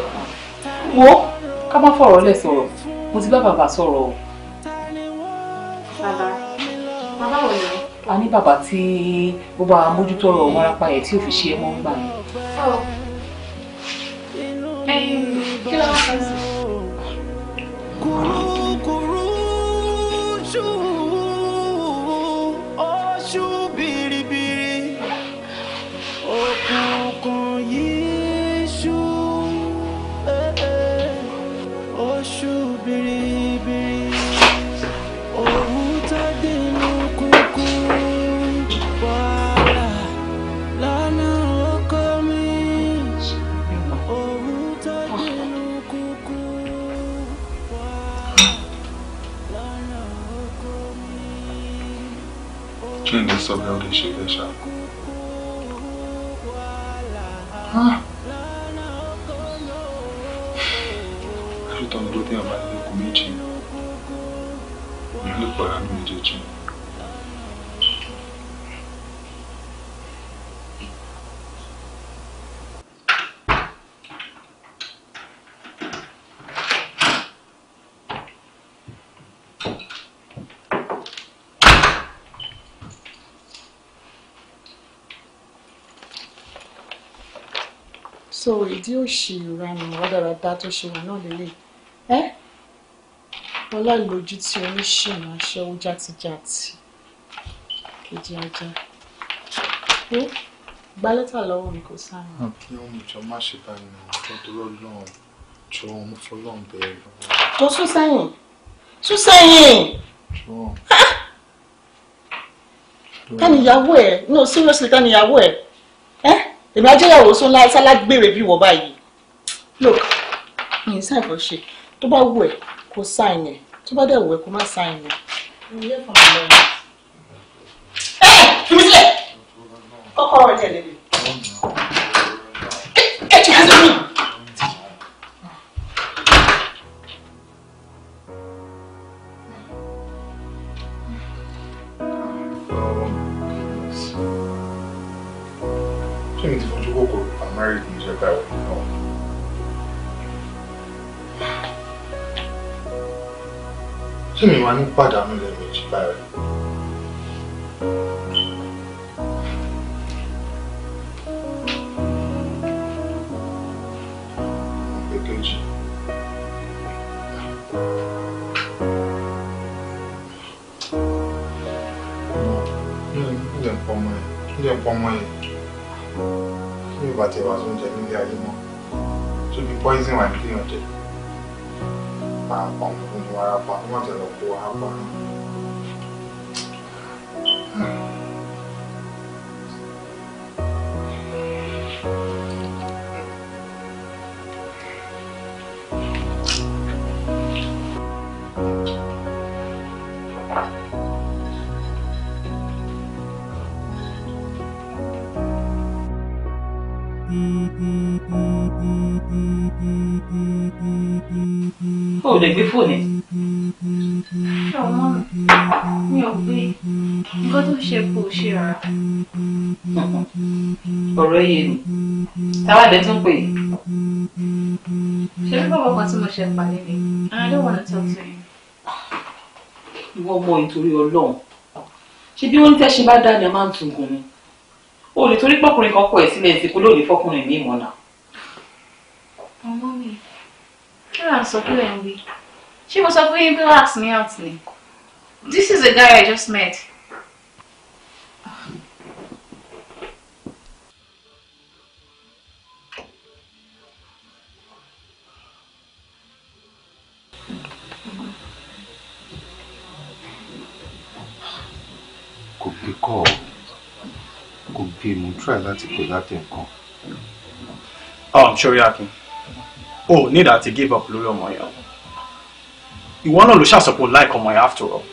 wo ká má fọ̀rọ̀ lẹ̀ sọ̀rọ̀ mo ti bá bàbá sọ̀rọ̀ o a ní bàbá tí ó bá mójútó ọ̀rọ̀ warapa yẹn tí ò fi ṣe é mọ́ ń gbà kí ló wá kàn sí so ìdí òṣì ìranù rádaràda tó ṣe wà náà lélẹ̀ ẹ́ ọláìlójú tí oníṣìnà aṣẹ́wó játijáti kejì ajá ó gba lẹ́tà lọ́wọ́ mi kò sáàrùn. kí wọ́n jọ má ṣe bá mi tó dúró lọ́hùn jọ òun fọlọ́hùn bẹ́ẹ̀. tó sún sẹ́yìn sún sẹ́yìn. ká níyàwó ẹ̀ no seriously ká níyàwó ẹ̀ èmi ajẹ́yàwó sún láì sálágbèrè bí wọ́n báyìí look mi ì sáì kò ṣe tó bá wù ẹ́ kó sáìn ẹ̀ tó bá dẹ̀ wù ẹ́ kó má sáìn ẹ̀. tí mi wá ní pàdánù lẹ́nu ìjìbá rẹ̀. Èkejì. Kí lè pọ̀ mọ́ ẹ̀? Kí lè pọ̀ mọ́ ẹ̀? Kí lè bàtẹ̀ àwọn arapa wọ́n máa tẹ̀lé ọkọ̀ arapa. lè gbé fóònù ṣe kú ṣe rà. ọ̀rọ̀ yé ni táwa lè tún pè é. ṣe bí bàbá kan tí mo ṣe pàdé ni I don't wanna talk to him. ìwọ mọ ìtorí Ọlọ́run ṣé bí wọn ń tẹṣin bá dáadáa máa ń tungun ni o lè torí pọkùnrin kan kọ ẹ sílẹ̀ ìsìnkú ló lè fọkùnrin ní ìmọ̀nà. ọmọ mi kí ló ń sọ pé ẹ ń wí ṣé mo sọ pé relax me out ni this is a guy I just met. kọ kò gbé mú try láti pè láti nǹkan. um akin o oh, need àti give up lórí ọmọ yẹn ìwọ náà ló ṣàṣọpọ̀ like ọmọ yẹn after all.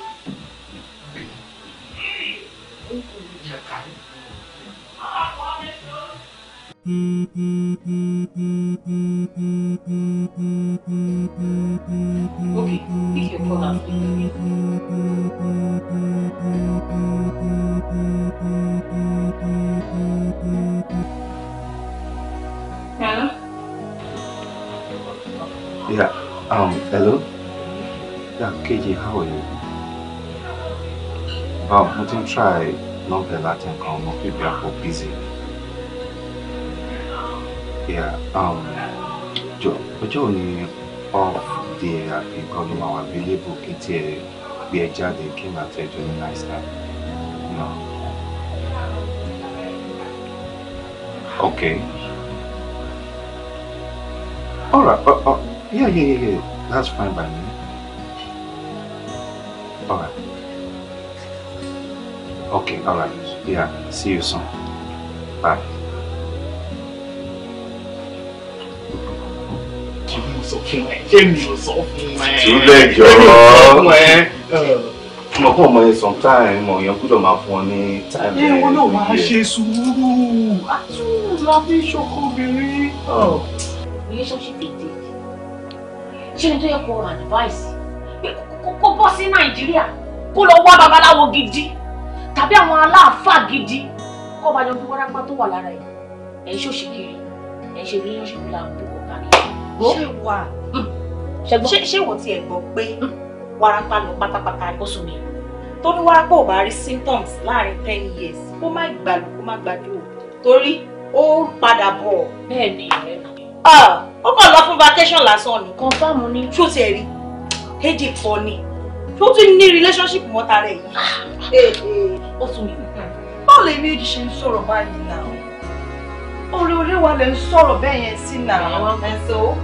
Okay, pick your phone up. Yeah. Um. Hello. Yeah, KJ, how are you? Wow, I'm ti ń try novel láti nǹkan ọmọ pípẹ́ àpò busy. Yeah. Um. Jọ, ọjọ́ òní off the àfikọ́ ló máa wà available kí tiẹ̀ gbé ẹ jáde kí n àti a really nice time. No. Okay. All right. Uh, uh. Yeah, yeah, yeah, yeah. That's fine by me. Alright. Okay, alright. Yeah, see you soon. Bye. Túlẹ̀ jọ̀ọ́. Mo kọ́ ọmọ yẹn sometime mo yẹn gbúdọ̀ máa fún ọ ní táìmù yẹn. Ẹ wọn náà wàá ṣe sùúrù. Àtúntò la fi ṣọkọ obìnrin. Relationship dey ṣé ni tó yẹ kó advice pé kó bọ́ sí nàìjíríà kó lọ wá babaláwo gidi tàbí àwọn aláàfáà gidi kó bá jọ fi wọ́n rápá tó wà lára ẹ̀ ẹ̀ ń ṣòṣì kiri ẹ̀ ń ṣe bí yóò ṣe fi láàbò ṣé wà hmm. ṣé wọ́n ti ẹ̀ gbọ́ pé hmm. wárápá lọ pátápátá ó sùn tó ní wárápá ò bá rí symptoms láàrin ten years kó má gbàlù kó má gbàdúrò torí ó padà bọ̀. bẹ́ẹ̀ ni ẹ̀ fún vacation lásán ni. confam ni. ṣó ti ẹ̀rí kéde fọ ni ṣó tún ní relationship mọ́ta rẹ̀ yìí. Ah, eh, eh. ó tún mi. báwo lè méjì ṣe ń sọ̀rọ̀ báyìí náà orí orí wa lè ń sọ̀rọ̀ bẹ́ẹ̀ yẹn sí náà. ẹ̀sọ́.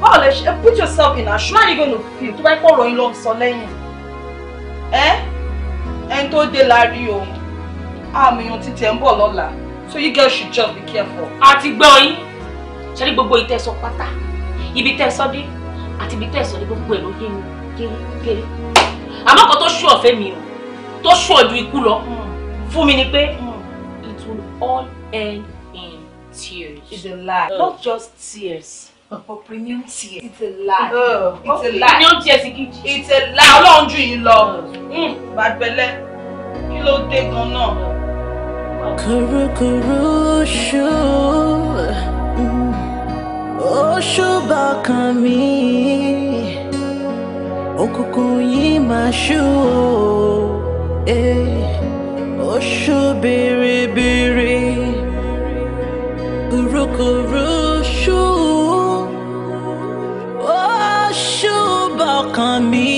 báwo lè ṣe put yourself in a shoe. máa ní gbọ́dọ̀ fi tó bá kọ̀ ọ̀rọ̀ yín lọ sọ lẹ́yìn. ẹ ẹni tó dé la rí o àmì ohun títí ẹ̀ ń bọ̀ lọ́la so you girls should just be careful. àti gbọ́ yín ṣẹ́rí gbogbo ìtẹ́sọ pátá ibi tẹ́sọ dé àti ibi tẹ́sọ dé gbogbo ẹ̀ yé mi kéré àmọ́ kan tó ṣú ọ̀fẹ́ mi o tó ṣú ọ̀dù ikú lọ hmm. fún mi ni pé hmm. it will all end in tears. it's a lie uh. not just tears For premium tears. it's a lie uh, it's a lie premium tears kìí. it's a lie ọlọ́run jù yín lọ hmm. bàbẹ̀lẹ̀ kí ló dé gan náà. kúrúkúrú ṣú. Oshuba kami eh, mi òkùnkùn yìí máa ṣú o oṣù bìrìbìrì kùrùkùrù ṣú òṣùbà kan mi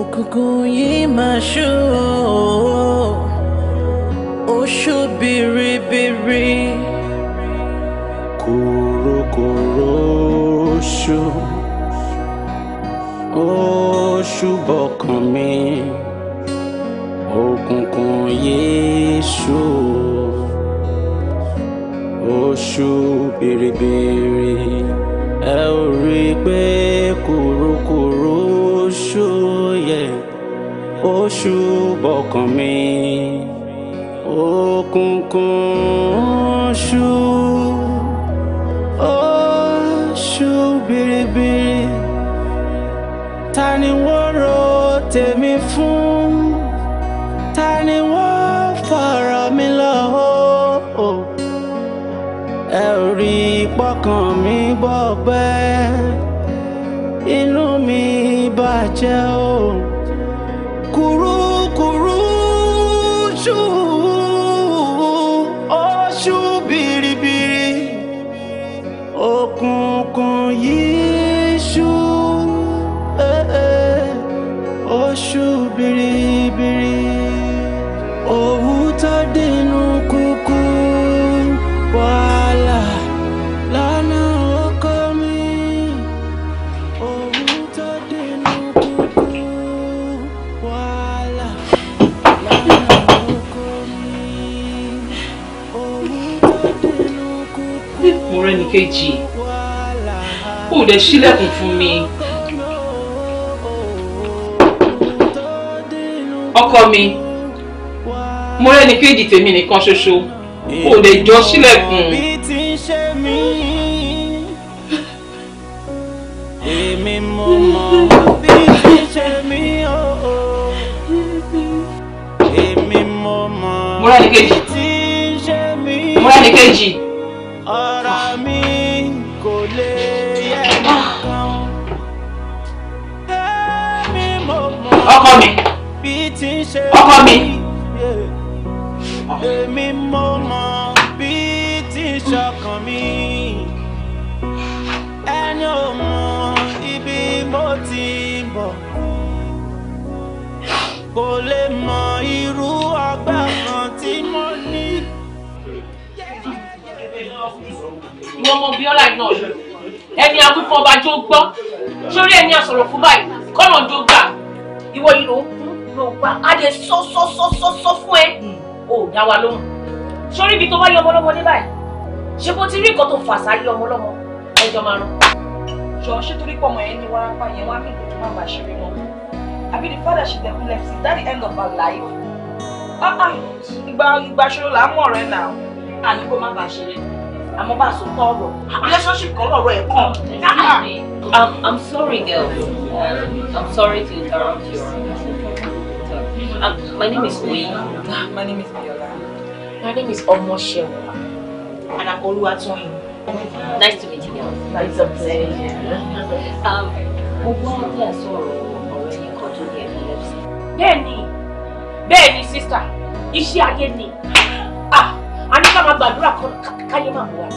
òkùnkùn yìí máa ṣú oṣù oṣù bọkàn mi òkùnkùn yéṣu oṣù bèrèbèrè ẹ ò rí i pé kùrukùru oṣù yẹ oṣù bọkàn mi òkùnkùn oṣù. ta ni wọ́n ro tèmi fún ta ni wọ́n fọ̀rọ̀ mi lọ o ẹ ò rí pọkàn mi gbọ́ pẹ́ inú mi bàjẹ́ o. ò dẹ̀ ṣílẹ̀kùn fún mi. ọkọ mi mo rẹ́ni kéèjì tèmi nìkan ṣoṣo ò dẹ̀ jọ ṣílẹ̀kùn. èmi mo mọ bí ti ṣe mí o. mo mọ kéèjì. ọkọ mi. èmi mo mọ bí tí ń ṣọkàn mi ẹni ò mọ ibi mo ti ń bọ̀ kò lè mọ irú ọgbà kan tí mo ní. ìwọ ọmọ bíọ́lá náà ẹni awífọ́ ọba jó gbọ́ sórí ẹni àsọ̀rọ̀ fún báyìí kọ́nà jó gbà ìwọ yìí ló ń kú ló gbà á lè sọ sọ sọ sọ sọ fún ẹ ò hmm. dá wa lóhùn sórí ibi tó bá yọ ọmọlọ́mọ báyìí ṣé bó ti rí nǹkan tó fà sáyé ọmọlọ́mọ ẹjọ́ máa rán. jọ ṣé torí pọ̀ mọ́ ẹ ní wárápá yẹn wá kí n kò tó má bàa ṣeré mọ́ àbí the father she dey left is that the end of her life. Ah, ah. ìgbà ìgbà ṣòro là á mọ̀ rẹ̀ náà. àní kó má bàa ṣeré àmọ́ bá a sọ tọ́ ọ̀rọ̀ relationship kan lọ̀rọ̀ ẹ̀ kàn. Ah, I'm sorry girl um, I'm sorry to interrupt you. My name is Oyi. My name is Biola. My name is Omoshe. And I'm Oluwatoyin. Nice to meet you. Nice to meet you. um, Ogbon tí a sọ ọ̀rọ̀ yìí kan tó ní epilepsy. Bẹ́ẹ̀ni, bẹ́ẹ̀ni sísá, iṣẹ́ ayé ni. Ah, a ní ká máa gbàdúrà káyé máa mú wa.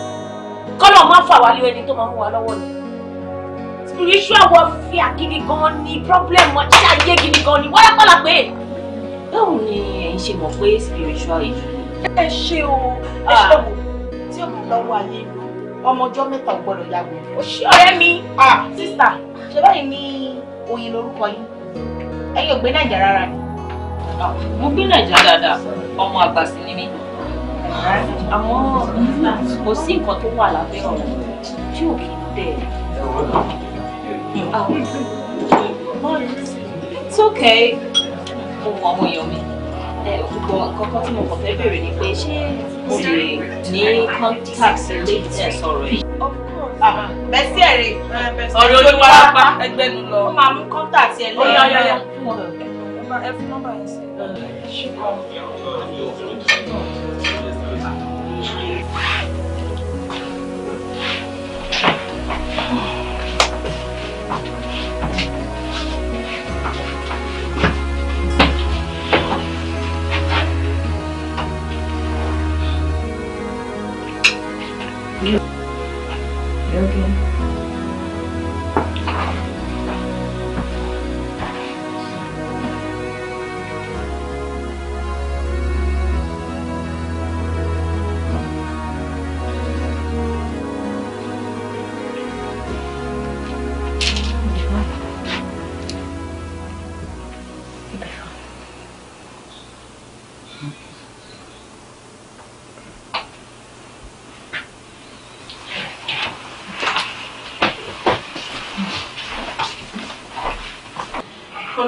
Kọ́lọ̀ máa fà wá lé ẹni tó máa mú wa lọ́wọ́ ni. Spiritual warfare gidi gan ni, problem ọ̀ṣẹ́ ayé gidi gan ni, wọ́n lápá la pé báwo ni ẹ̀yin ṣe mọ̀ pé spiritual aid. ẹ ṣe o ẹ ah. ṣe o tí o bá lọ́wọ́ ayé lọ ọmọ mẹ́ta ò gbọ́dọ̀ yàgò. ọ̀rẹ́ mi ah. sísà ṣe báyìí ní oyin lórúkọ yín ẹ̀yin ò nàìjà rárá ni. Ah, mo gbé nàìjà dáadáa ọmọ àgbà sí ni mí àmọ́ kò sí nǹkan tó wà lábẹ́ ọ̀rọ̀ tí ò kì í tẹ̀. It's okay ohun àwọn èèyàn mi kọ́kọ́ tí mo kàn fẹ́ bèrè ni pé ṣé mo lè ní contact lẹ́yìn tẹ̀ sọ̀rọ̀ yìí. Ah, bẹ́sí ẹ̀rẹ̀ ọ̀rẹ́ olúwarapa ẹgbẹ́nu lọ. ó máa mú contact ẹ lẹ́yìn ọ̀yọ́ ẹ nọ́mbà yẹn sí.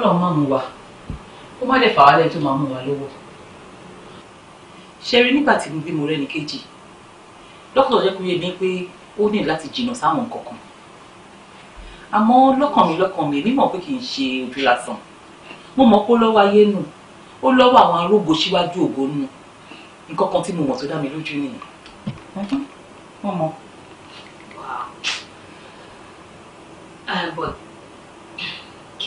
kọ́lọ̀ má mú wa ó má dẹ̀ fà wá lẹ́yìn tó máa mú wa lọ́wọ́ ṣe rí nígbà tí mo bí mo rẹ́ni kejì dókítà jẹ́ kó yé mi pé ó ní láti jìnnà sáwọn nǹkan kan àmọ́ lọ́kàn mi lọ́kàn mi mímọ̀ pé kì í ṣe ojú lásán mo mọ̀ pé ó lọ́wọ́ ayé nù ó lọ́wọ́ àwọn arógo síwájú ògo nù nǹkan kan tí mo mọ̀ tó dá mi lójú nìyẹn wọ́n mọ̀.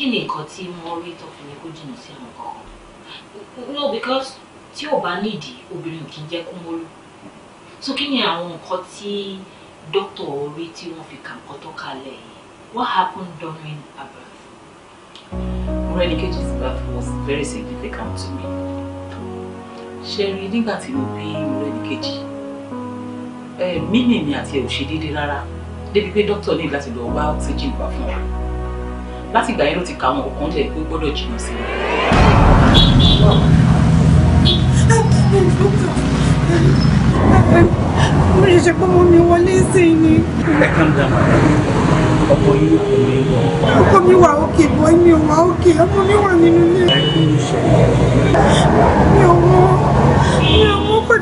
kí ni nǹkan tí wọ́n rí tó fi ní kó jìnnà sí àwọn kankan no because tí ò bá nídìí obìnrin ò kì í jẹ́ kó mólú so kí ni àwọn nǹkan tí dókítà orí tí wọ́n fi kà nǹkan tó kalẹ̀ yìí what happened during her birth. Renikeji's birth was very significant to me. ṣe rí nígbà tí mo bí Renikeji eh, mímì mi àti ẹ̀ ò ṣe déédéé rárá débi pé dókítà ní láti lọ wá oxygen wá fún wa láti ìgbà yẹn ló ti ka àwọn ọ̀kan lẹ̀ pé ó jìnnà sí i. mo ṣe pé mo mi wọlé sí i ni. ẹ calm down ọkọ yìí kò ní wọ. ọkọ mi wà òkè bọ́ mi ò wà òkè ọmọ mi wà nínú ilé. ẹ kí ni mi ò mọ mo kọ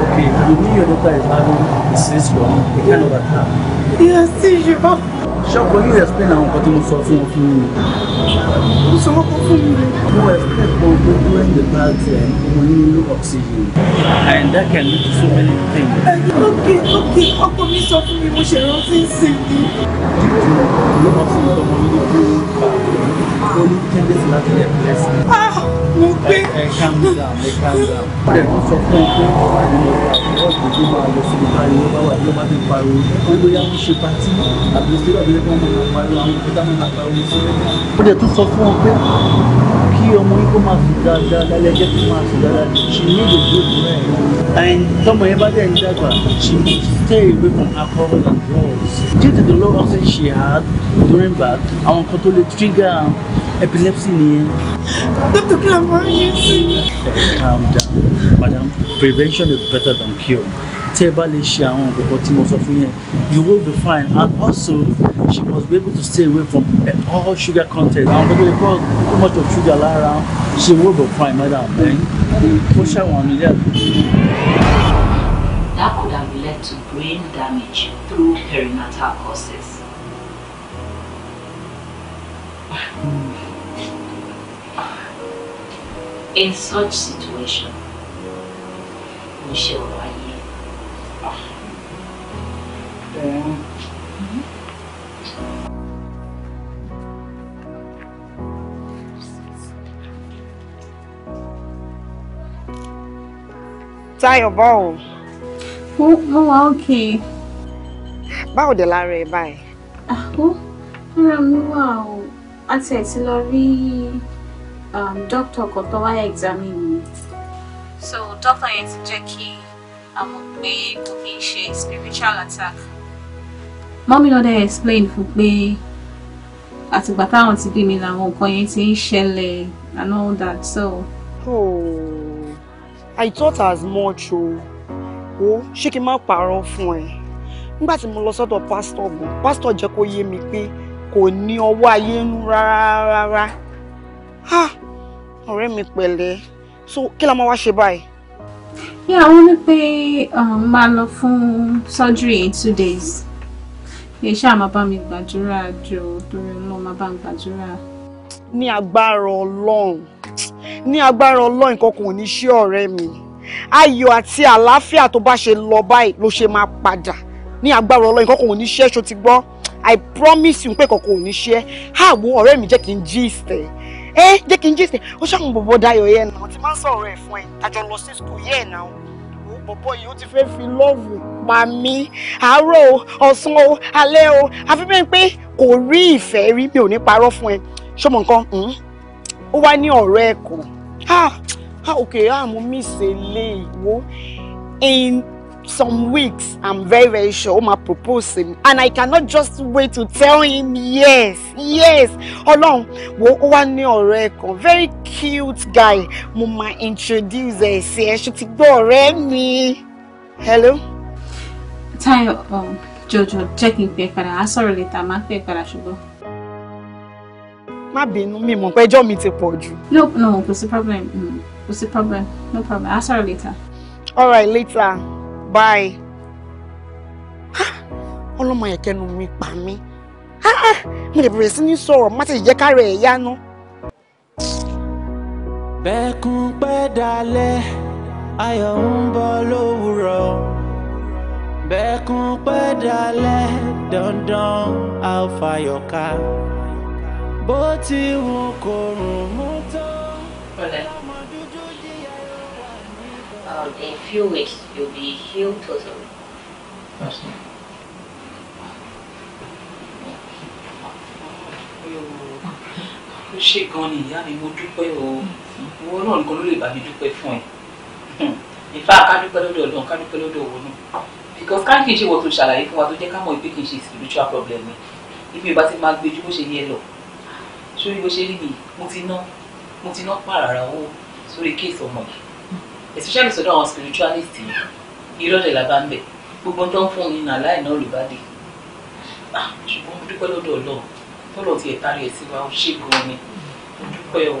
okay you mean your daughter is having a serious problem a kind of yes ṣe bá. ṣọ́ọ̀bù yóò explain àwọn nǹkan tó ń sọ fún wọn fún mi. mo sọ wọn kọ fún mi. mo explain for you during the oxygen and that can lead to so many things. ok ok ọkọ mi sọ fún mi mo ṣe rántí sí oxygen tó mọ inú tó ń bá a lórí tendency láti rẹ̀ mo gbé. ẹ calm down ẹ calm down. bẹ́ẹ̀ mo sọ fún ẹ pé ọ̀rọ̀ ìlú ọ̀gbìn tó máa lọ sí ìta ìlú bá wà ló bá ti pariwo ó bóyá wọ́n ṣe patí àbí sí ọ̀bí ẹgbẹ́ wọn máa pariwo àwọn òkúta máa pariwo sí ẹgbẹ́. ó dẹ̀ tún sọ fún ọ pé kí ọmọ yín kó máa fi dáadáa lálẹ́ ẹjẹ́ tó máa fi dáadáa she need a good friend and tọmọ yẹn bá dẹ̀ ń dàgbà she need to stay away from alcohol and drugs due to the low oxygen she had during birth àwọn kan tó lè trigger epilepsy nìyẹn. Dr. Clamor, you see. Calm down, madam. Prevention is better than cure. Tí ẹ bá lè ṣe àwọn nǹkan tí mo sọ fún yẹn, you will be fine. And also, she must be able to stay away from eh, all sugar content. Àwọn nǹkan tó lè cause too much of sugar lára, she will be fine, madam. Ó ṣàwọn àmì yẹn. That could have led to brain damage through perinatal causes. in such situation mo ṣe ọ̀rọ̀ ayé. Táyọ̀ báwo? Mo wà ókè. Báwo dẹ̀ lára ẹ báyìí? Àkó, ah, ara mi wà o, a tiẹ̀ ti lọ um, doctor kan tó wá examine mi. so doctor yẹn ti jẹ́ kí a mọ̀ pé kò kí n ṣe spiritual attack. mọ́mí ló dé explain fún pé àtìgbà táwọn ti bí mi làwọn nǹkan yẹn ti ń ṣẹlẹ̀ and all that so. Oh, I thought as much o. Oh, ṣé kí n má parọ́ fún ẹ? Nígbà tí mo lọ sọ́dọ̀ pásítọ̀ mi, pásítọ̀ jẹ́ kó yé mi pé kò ní ọwọ́ ayé nú rárá rárá ọ̀rẹ́ mi pẹ̀lẹ́ so kí la máa wá ṣe báyìí. yà á wọ́n ní pé máa lọ fún surgery in two days ẹ ṣáà máa bá mi gbàdúrà jọ torí ọlọ́run máa bá mi gbàdúrà. ní agbára ọlọ́run ní agbára ọlọ́run nǹkan kò ní ṣe ọ̀rẹ́ mi ayọ̀ àti àlàáfíà tó bá ṣe lọ báyìí ló ṣe máa padà ní agbára ọlọ́run nǹkan kò ní ṣe ṣo ti gbọ́ i promise you pé nǹkan kò ní ṣe àmú ọ̀rẹ́ mi jẹ́ kí n jí ìsẹ̀ ẹ jẹ́ kí n jí ṣe ó ṣàwọn bọ̀bọ̀ dayọ̀ yẹn náà ti máa ń sọ̀rọ̀ ẹ̀ fún ẹ àjọ lọ sí skul yẹn náà bọ̀bọ̀ yìí ó ti fẹ́ fi lọ́ọ̀vù pa mí àárọ̀ o ọ̀sán o alẹ́ o àfi bẹ́ẹ̀ pé kò rí ìfẹ́ rí mi ò ní parọ́ fún ẹ ṣọmọ nǹkan hmm? ó wá ní ọ̀rẹ́ ẹ̀ kò ah okay ah mo miss eléyìí wo in some weeks i'm very very sure ó máa propose him and i cannot just wait to tell him yes yes ọlọ́run wo ó wá ní ọ̀rẹ́ very cute guy mo máa introduce ẹ̀ sí ẹ ṣe ti gbọ́ ọ̀rẹ́ mi hello. Táyọ̀ um, jọ̀jọ̀ jẹ́ kí n pè padà á sọ̀rọ̀ later máa pè padà ṣùgbọ́n. má bínú mi mọ̀ pé ẹjọ́ mi ti pọ̀ no no kò sí problem mm, kò sí problem no problem á sọ̀rọ̀ later. all right later báyìí ọlọ́mọ ẹ̀kẹ́nu mi pa mí mo lè bẹ̀rẹ̀ sí ní sọ̀rọ̀ má ti jẹ́ kárẹ̀ ẹ̀ yánu. bẹ́ẹ̀kún pẹ́ dalẹ̀ ayọ̀ ń bọ̀ lówùrọ̀ bẹ́ẹ̀kún pẹ́ dalẹ̀ dandan àfàyọ̀ká bó ti wù kò rùn mú tán um, in few weeks you'll be healed totally. That's nice. ṣé gan ni ìyá mi mo dúpẹ́ o owó náà nǹkan ló lè bá mi dúpẹ́ fún ẹ ìfá ká dúpẹ́ lọ́dọ̀ ọlọ́run ká dúpẹ́ lọ́dọ̀ owó náà because ká kì í ṣe wọ́n tó ṣàlàyé fún wa tó jẹ́ ká mọ̀ pé kì í ṣe spiritual problem ni ibi ìbá ti máa gbé ju bó ṣe yẹ lọ sórí bó ṣe rí mi mo ti ná mo ti ná pààrà owó sórí kéèsì ọmọ yìí especially sọ́dọ̀ àwọn spiritualist yìí irọ́ dẹ̀ la bá ń bẹ̀ gbogbo tó ń fún mi nà láì náà olùbàdì ah, ṣùgbọ́n mo dúpẹ́ lọ́dọ̀ ọlọ́run tọ́lọ̀ tiẹ̀ parí ẹ̀ sí wa ó ṣe gan ni mo dúpẹ́ o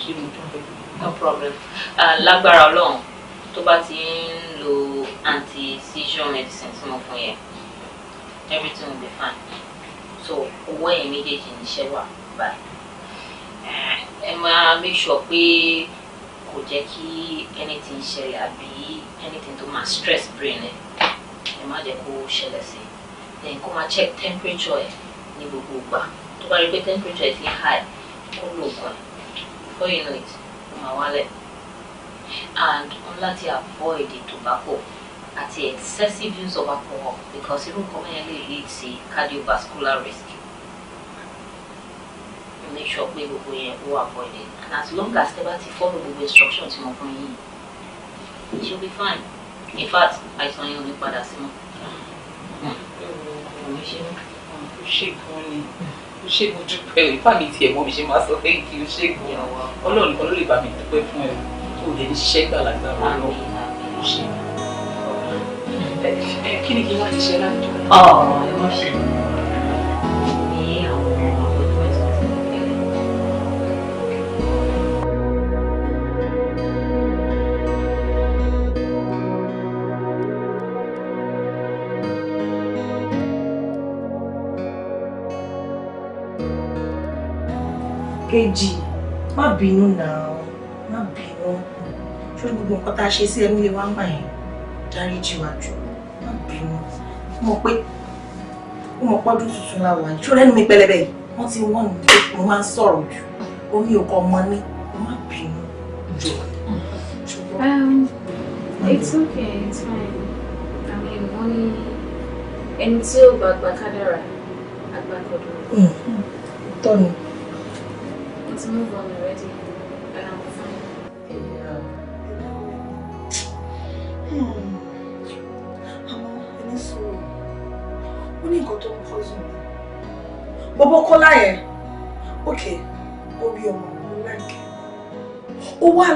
ṣé mo dúpẹ́. no problem lágbára ọlọ́run tó bá ti ń lo anti seizure medicine tí mo fún yẹn everything will be fine so owó ẹ̀yìn méjèèjì níṣẹ́ wà báyìí ẹ máa make sure pé kò jẹ́ kí anything ṣẹlẹ̀ àbí anything tó máa stress brain ẹ̀ ẹ má jẹ́ kó ṣẹlẹ̀ sí then kó máa check temperature ẹ̀ ní gbogbo ìgbà tó bá rí pé temperature ẹ̀ ti high kó lo oògùn ẹ̀ before you know it kó máa wálẹ̀ and ó láti avoid tobacco àti excessive use of alcohol because irú nǹkan mẹ́rin lè lead sí cardiovascular risk make sure pé gbogbo yẹn ó wà voided and as long as ẹ bá ti follow gbogbo instruction tí wọ́n fún yín it should be fine in fact àìsàn yẹn ò ní padà sí mọ́. ṣègùn ni ṣègùn dúpẹ́ o ìfà mi tiẹ̀ mọ́ mi ṣe máa sọ pé kí o ṣègùn ọlọ́run kan ló lè bá mi dúpẹ́ fún ẹ o lè ṣiṣẹ́ gbàlagbà rẹ lọ kí ni kí n wá ti ah, ṣe ládùúgbò. kejì má bínú náà má bínú ṣé gbogbo nǹkan tá a ṣe sí ẹmí lè wá gbà yẹn dárí jì wá jù má bínú mo pé mo mọ pọ́dún tuntun la wà ṣó lẹ́nu mi pẹlẹbẹ yìí wọ́n ti wọ́n ní pé mo máa ń sọ̀rọ̀ jù omi ò kọ́ mọ ní má bínú jù. Um, it's okay it's fine i mean wọ́n ní ẹni tí ó bá gbà kádàrá àgbà kọ̀dọ̀. Hmm. tọ́ni to move on already, and I'm fine. Yeah. Àmọ́ ẹni sọ̀rọ̀, ó ní nǹkan tó ń pọ́sù mi. Bọ́bọ́ Kọ́lá yẹn, òkè, ó rí ọmọ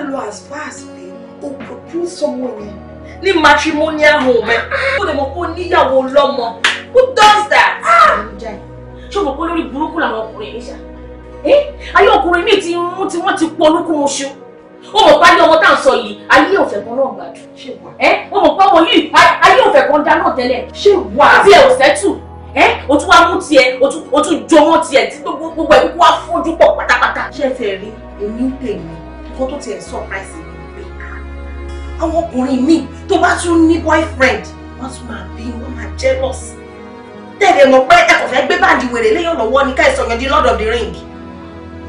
mi as far as pé ó propose sọ́mọ mi matrimonial home ẹ̀. Ó the mọ̀ pé ó níyàwó lọ́mọ. Who does that? Ah. Ṣé o mọ̀ pé olórí burúkú làwọn ọkùnrin yìí ṣá? Eh? ayé ọkùnrin míì ti mú tí wọ́n ti pọ̀ lókun oṣù ó mọ̀ páyé ọmọ tá à ń sọ yìí ayé òfẹ́ kan náà gbàdùn ó eh? mọ̀ pé ọmọ yìí ayé òfẹ́ kan dáná tẹ́lẹ̀ ṣé wà á tiẹ̀ ò sẹ́tù eh? o tún wá mú tiẹ̀ o tún jọ wọ́n tiẹ̀ tí gbogbo ẹ̀ kúkú wá fojú pọ̀ pátápátá. ṣé ẹ fẹ́ rí èmi ń tèmi kó tó tiẹ̀ surprise mi pé ah, àwọn ọkùnrin míì tó bá tún ní boyfriend wọ́n tún máa bí wọ́n máa jealous tẹ̀lé mọ̀ pé ẹ kò fẹ́ gbé báàdì wèrè léyàn lọ́wọ́ ní ká ìsọ̀yàn di Lord of the Ring.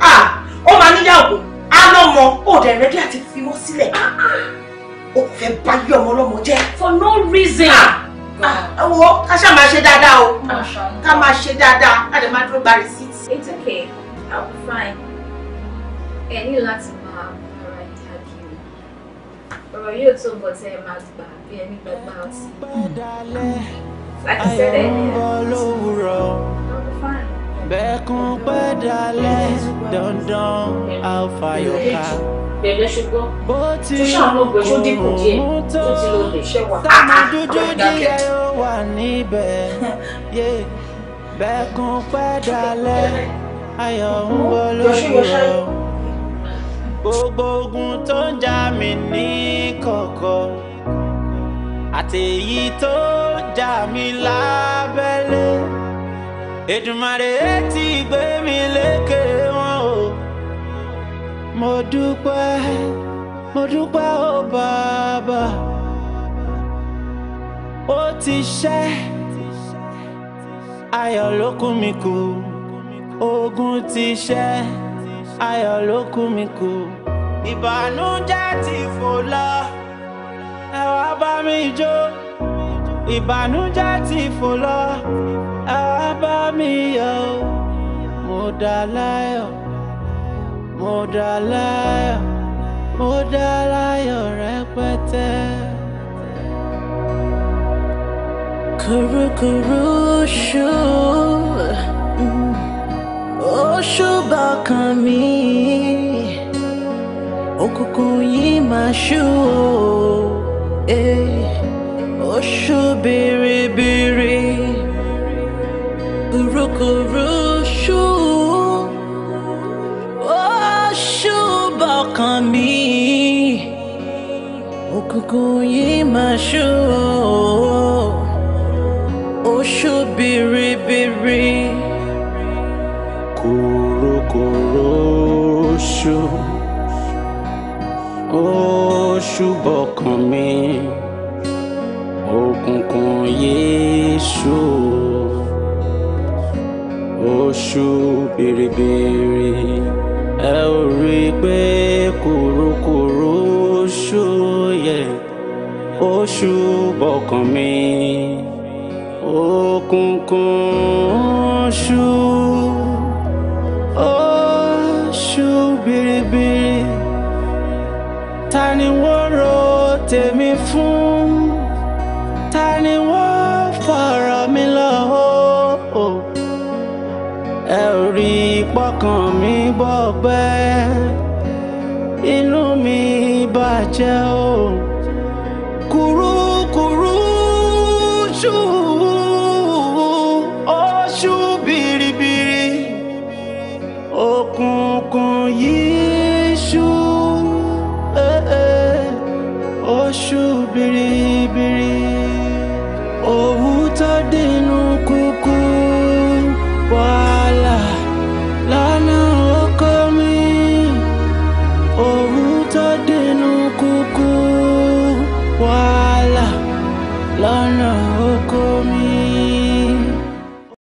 Ah, ó máa níyàwó alọ́mọ ó dẹ̀ rẹ́dí àti fimọ́ sílẹ̀ ah, ah. ó fẹ́ bá yí ọmọ ọlọ́mọ jẹ́. for no reason. ẹ wo ká ṣáà máa ṣe dáadáa o ká máa ṣe dáadáa ká lè máa dúró gba rìsíìtì. it's okay i'll be fine ẹ ní láti máa rọra ìyá kiri ọ̀rọ̀ yóò tó bọ̀ tẹ́ ẹ máa gbà bí ẹni gbàgbà ọtí. like i said earlier i'll be fine bẹ́kún pẹ́ dalẹ̀ dandan àfàyọ̀ká. bẹ̀rẹ̀ ṣùgbọ́n tó ṣàánú gbèsò dínkù díẹ̀ tó ti lọ lè ṣẹ́wà. tàmí ah, dúdú díẹ̀ ó wà níbẹ̀ bẹ́kún pẹ́ dalẹ̀ ayọ̀ ń wọ lójú ọ. gbogbo ogun tó ń jà mí ní kọ̀kọ̀ àtẹ̀yí tó ń jà mí lábẹ́lẹ̀. Èdùmàrè eti gbé mi leke wọn o mo dúpẹ́ mo dúpẹ́ o bàbá ó ti ṣẹ́ ayọ̀ ló kù mí kù ogun ti ṣẹ́ ayọ̀ ló kù mí kù ìbànújẹ́ ti fò lọ ẹ wá bá mi jó ìbànújẹ́ ti fò lọ ẹ bá mi yọ̀ mo dá láyọ̀ mo dá láyọ̀ mo dá láyọ̀ rẹpẹtẹ. kùrukùru ṣú oṣù bọkàn mi òkùnkùn yìí máa ṣú o. béèrè ẹ ò rí i pé kùrukùru ṣú yẹ ó ṣú bọkàn mi ó kúnkún. show